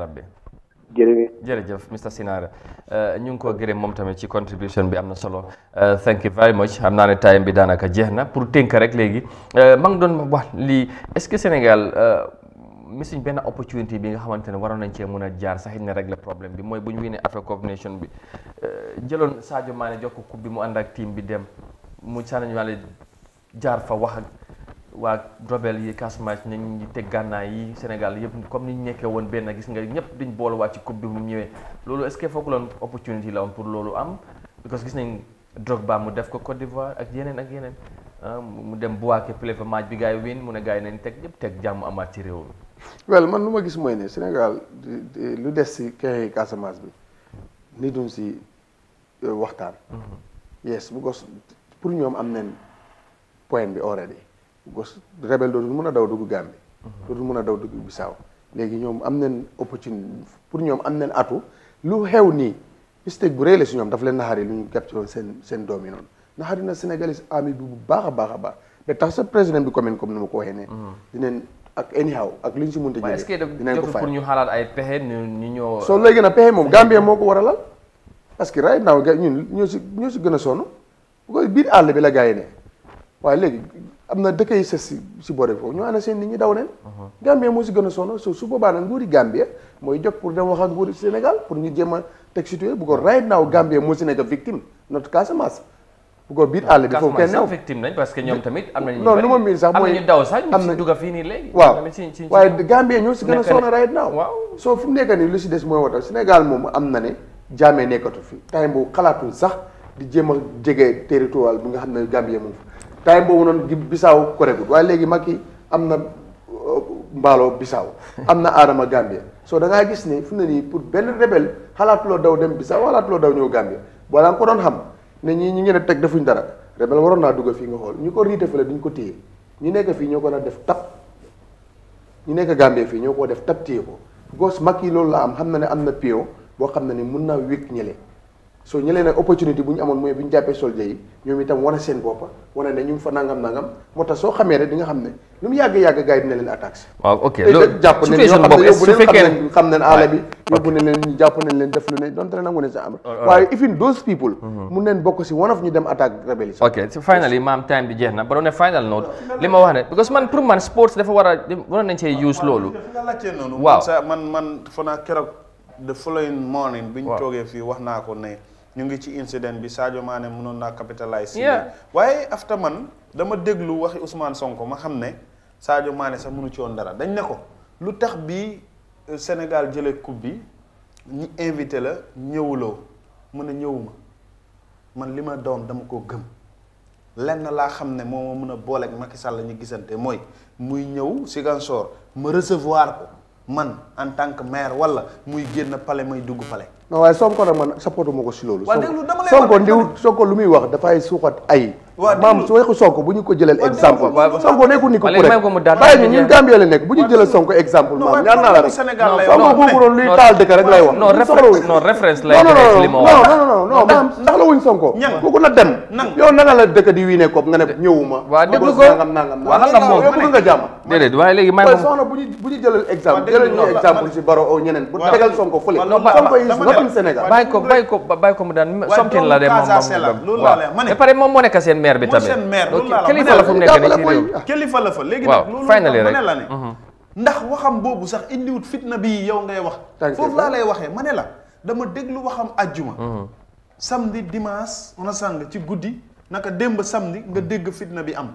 S1: jërëjëf Mr Sinara euh, ñu ngi ko gërëm moom tamit ci contribution bi am na solo euh, thank you very much xam naa ne time bi daanaka jeex na pour tënk rek léegi euh, ma ngi doon wax lii est-ce que Sénégal misuñ benn opportunité bi nga xamante ne waroon nañ cee mën a jaar sax na rek régler problème bi mooy bu ñu winee Africa Cup Nation bi jëloon Sadio Mané jox ko coupe bi mu ànd ak team bi dem mu sànni ñu jaar fa wax waa Diourbel yi Casamance nañ ñi teg gànnaay yi Sénégal yëpp comme ni ñu nekkee woon benn gis nga ñëpp dañ boole waa ci coupe bi mu ñëwee loolu est-ce que foog loon opportunité la woon pour loolu am parce que gis nañ Drogba mu def ko Côte d'Ivoire ak yeneen ak yeneen ah, mu dem Bouaké play fa match bi gars yi win mu ne gars yi nañ teg ñëpp teg jàmm amaat ci réew mi
S2: wel man lu ma gis mooy ne Sénégal lu des si kexee Casamance bi ni duñ si euh, waxtaan
S4: mm-hmm.
S2: yes bu pour ñoom am nañ point bi already gos rebelle dootul mën a daw dugg Gambie. dootul mën a daw dugg Bissau léegi ñoom am nañ opportunité pour ñoom am nañ atu lu xew nii mistake bu rëy la si ñoom daf leen naxari lu ñu capturé woon seen seen doom yi noonu naxari na Sénégalais ami bi bu baax a baax a baax ba tax sa président bi commune comme ni ma ko waxee ne mm-hmm. dinañ ak anyhow ak li ñu si mënta jëlee dinañ ko fay pour ñu
S1: xalaat ay pexe ñu ñoo soo lay gën a pexe moom
S2: Gambien moo ko war a lal parce que right now ñu ñoo si ñoo si gën a sonn bu àll bi la gars yi ne am na dëkk yi sës si si boore foofu ñu ànd seen nit ñi daw neen Gambie moo si gën a sonn su su boobaa nag nguuri Gambie mooy jóg pour dem wax ak nguuri Sénégal pour ñu jéem a teg situé bu ko right now Gambie moo si nekk victime notre Casamance bu ko biir àll bi sax
S1: parce que ñoom tamit am nañu non lu ma miin sax mooy am nañu daw sax ñu si fii nii léegi waaw
S2: Gambie ñoo si gën a sonn right now waaw fu mu nekk nii lu si des mooy wota Sénégal moom am na ne jaamee nekkatu fi time boobu xalaatul sax di jéem a jege territoire bi nga xam ne Gambie moom fa time boobu noonu di bisaaw koregut waaye léegi mag Macky am na euh, mbaalo bisaaw am na aadama Gambia soo dangaa gis ne fu ne nii pour benn rebelle xalaatuloo daw dem bisaaw xalaatuloo daw ñëw Gambia wala nga ko doon xam ne ñii ñi ngeen a teg defuñ dara rebelle waroon naa dugg fii nga xool ñu ko riite fële duñ ko téye ñu nekk fii ñoo ko na def tab ñu nekk Gambie fii ñoo ko def tab téye ko gos yi loolu la am xam na ne am na piyo boo xam ne ni mun naa wékk ñële so ñu leen opportunité bu ñu amoon mooy bu ñu jàppee soldats yi ñoom itam wane seen boppa wane ne ñu fa nangam nangam moo tax soo xamee rek di nga xam ne lu mu yàgg yàgg gars yi dina leen attaque. waaw ok loolu jàpp nañ ne leen jàpp nañ leen def mm-hmm. bokk si one of ñu attaque rebelle ok so
S1: na ba doon ne ma wax ne parce que man pour man sports dafa war a waroon nañ see use loolu
S3: waaw man man fanaa keroog the following morning bi ñu toogee fii wax naa ko ne ñu ngi ci incident bi Sadio maane mënoon naa capitaliser. yeah waaye after man dama déglu waxi Ousmane sonk ma xam ne Sadio Mané sax mënu ci woon dara dañ ne ko lu tax bi euh, Sénégal jëlee coupe bi ñi invité la ñëwuloo mu a ñëwuma man li ma doon dama ko gëm lenn laa xam ne moo ma mën a booleeg Macky Sall la ñu gisante mooy muy ñëw Ziguinchor ma recevoir ko man en tant que maire wala muy génn palais may dugg palais.
S2: non waaye Sonko nag man sappootuma ko si loolu. waaw dégg nga dama lay wax Sonko ndiw Sonko lu muy wax dafay suuxat ay. maam su waxu Sonko bu ñu ko jëlal exemple Sonko nekkul ni ko ku rek bàyyi ñu ñun Gambie la nekk bu ñu jëlal Sonko exemple maam ñaan naa la rek Sonko boobu doon luy taal dëkk rek lay wax non
S1: référence lay def li ma wax non
S2: non non maam soxla wuñ Sonko kooku na dem yow nanga la dëkk di wii ne kopp nga ne ñëwuma waaw déglu ko nangam nangam waaw xam moom yow bëgg nga jàmm
S1: déedéet waaye léegi may moom
S2: soxna bu ñu bu ñu jëlal exemple jëlal ñu exemple si baro o ñeneen bu tegal Sonko fële Sonko is not in Sénégal bàyyi ko
S1: bàyyi ko bàyyi ko mu daan something la de moom moom waaw pare moom moo nekk seen maire bi tamit mooy seen maire loolu laa kilifa la fu mu nekk nii ci réew
S3: kilifa la fa léegi nag loolu ma ne la ne uh-huh. ndax waxam boobu sax indiwut fitna bi yow ngay wax foofu laa lay waxee ma dama déglu waxam ajjuma uh-huh. samedi dimanche on a ci guddi naka démb samedi nga uh-huh. dégg fitna bi am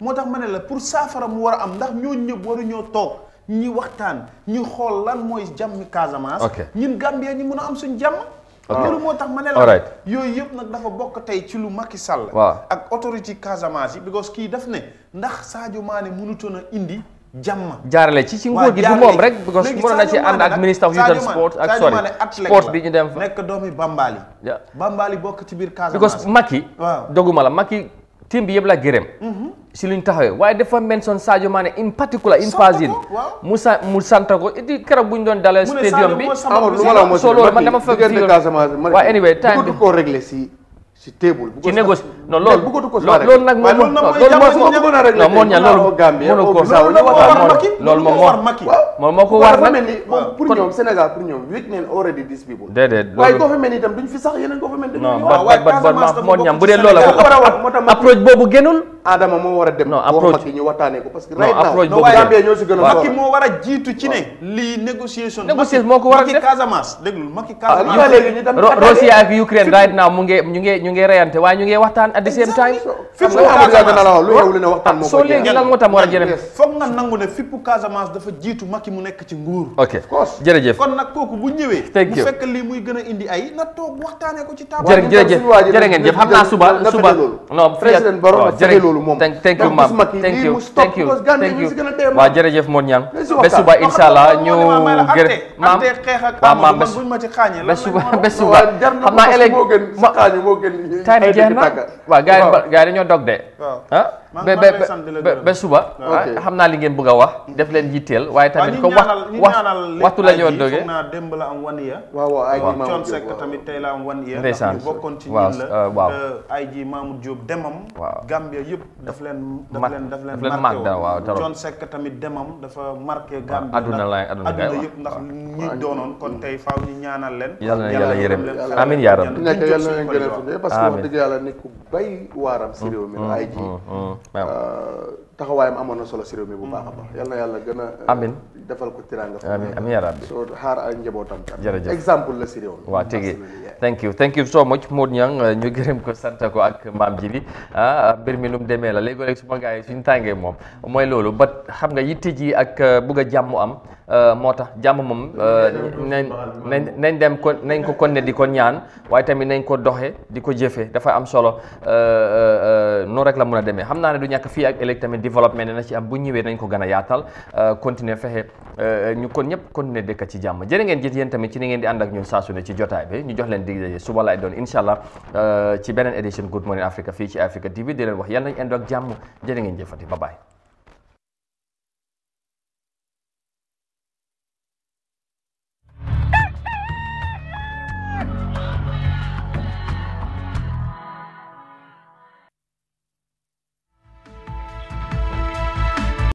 S3: moo Manela, ma ne la pour saafara mu war am ndax ñoo ñëpp waruñoo toog ñi waxtaan ñu xool lan mooy jàmmi Casamance ñun Gambia ñi mun am suñ jàmm loolu moo tax ma ne la yooyu yëpp nag dafa bokk tey ci lu Macky Sall waaw ak autorité Casamance yi because kii daf ne ndax Sadio Mané mënutoon a indi jàmm
S1: jaarale ci ci nguur gi du moom rek because mënoon na ci ànd ak ministre of youth and sport ak sorry sport bi ñu dem fa nekk doomi Bambali
S3: Bambali bokk ci biir Casamance because
S1: Macky waaw doguma la Macky team bi yëpp la gërëm mhm. si luñ taxawee waaye dafa mention Sadio Mané in particular in Fazil mu sa mu sant ko iti keroog bu ñu doon dalee stadium bi soo ah, loolu man dama fekk waaye anyway time bi ko réglé si ci table bu ko ci négoci non loolu loolu nag moom moom ñaan loolu ko sa loolu moom moo moom moo ko war nag
S2: pour ñoom Sénégal pour ñoom weak neen already these people déedéet waaye koo fa mel ni itam duñ fi sax yeneen koo fa mel non bat bat bat moo ñaan bu dee loolu la approche boobu gënul Adama moo war a dem non approche ñu waxtaanee ko parce que right now Gambie ñoo si gën a Macky
S3: moo war a jiitu ci ne lii négociation négociation moo ko war a def Casamance
S1: déglul Macky Casamance ah, Russia ak Ukraine right now mu ngi ñu ngi ngi reyante waaye ñu ngi waxtaan at the same time soo léegi lan moo tam war a jërëjëf
S3: foog nga nangu ne fippu Casamance dafa jiitu Macky mu nekk ci nguur
S1: ok jërëjëf kon
S3: nag kooku bu ñëwee bu fekk lii muy gën
S2: a indi ay na toog waxtaanee ko ci table
S1: jërëjëf jërë ngeen jëf xam suba suba non ñu gër maam waaw maam ba suba ba naa éleg time jeex na waaw gars yi gars yi dañoo dog de ah ba ba ba suba ah, xam naa li ngeen bëgg a wax def leen yitteel waaye tamit ko wax wax
S3: waxtu la ñoo doge naa démb la am wan ya waaw waaw Thione Seck tamit tey la wan ya ndeysaan bokkoon ci ñun la euh, ji Mamoud Diop demam waaw Gambia yëpp daf leen daf leen leen marqué waaw Thione Seck tamit demam dafa marqué Gambia adduna la adduna yëpp ndax ñi doonoon kon tey faaw ñu ñaanal leen yàlla
S1: yàlla
S2: yërëm parce que wax dëgg yàlla nit ku bay waaram si réew mi la mm, ay mm, mm, euh, taxawaayam amoon na solo si réew mi bu baax a baax yal na yàlla gën a euh, amin defal ko tiraanga amiin amiin yaa rabbi soo xaar ay njabootam kat jërëjëf exemple la si mi
S1: waaw tege thank you thank you so much Modou Niang euh, ñu gërëm ko sant ko ak maam ji bi mbir mi nu mu demee la léegi-léeg suma gars yi suñu tàngee moom mooy loolu ba xam nga yitte ji ak euh, bugg a jàmm am euh, moo tax jàmm moom nañ nañ nañ dem ko nañ ko kon konne di ko ñaan waaye tamit nañ ko doxe di ko jëfee dafa am solo noonu rek la mën a demee xam naa ne du ñàkk fii ak ëllëg tamit développement ne na ci am bu ñëwee nañ ko gën a yaatal continuer fexe ñu kon ñëpp continuer dëkk ci jàmm jërë ngeen jëf yéen tamit ci ni dig daje suba lay doon incha allah ci Good Morning Africa fii ci Africa TV di leen wax jamu nañ ànd ak ngeen jëfati bye bye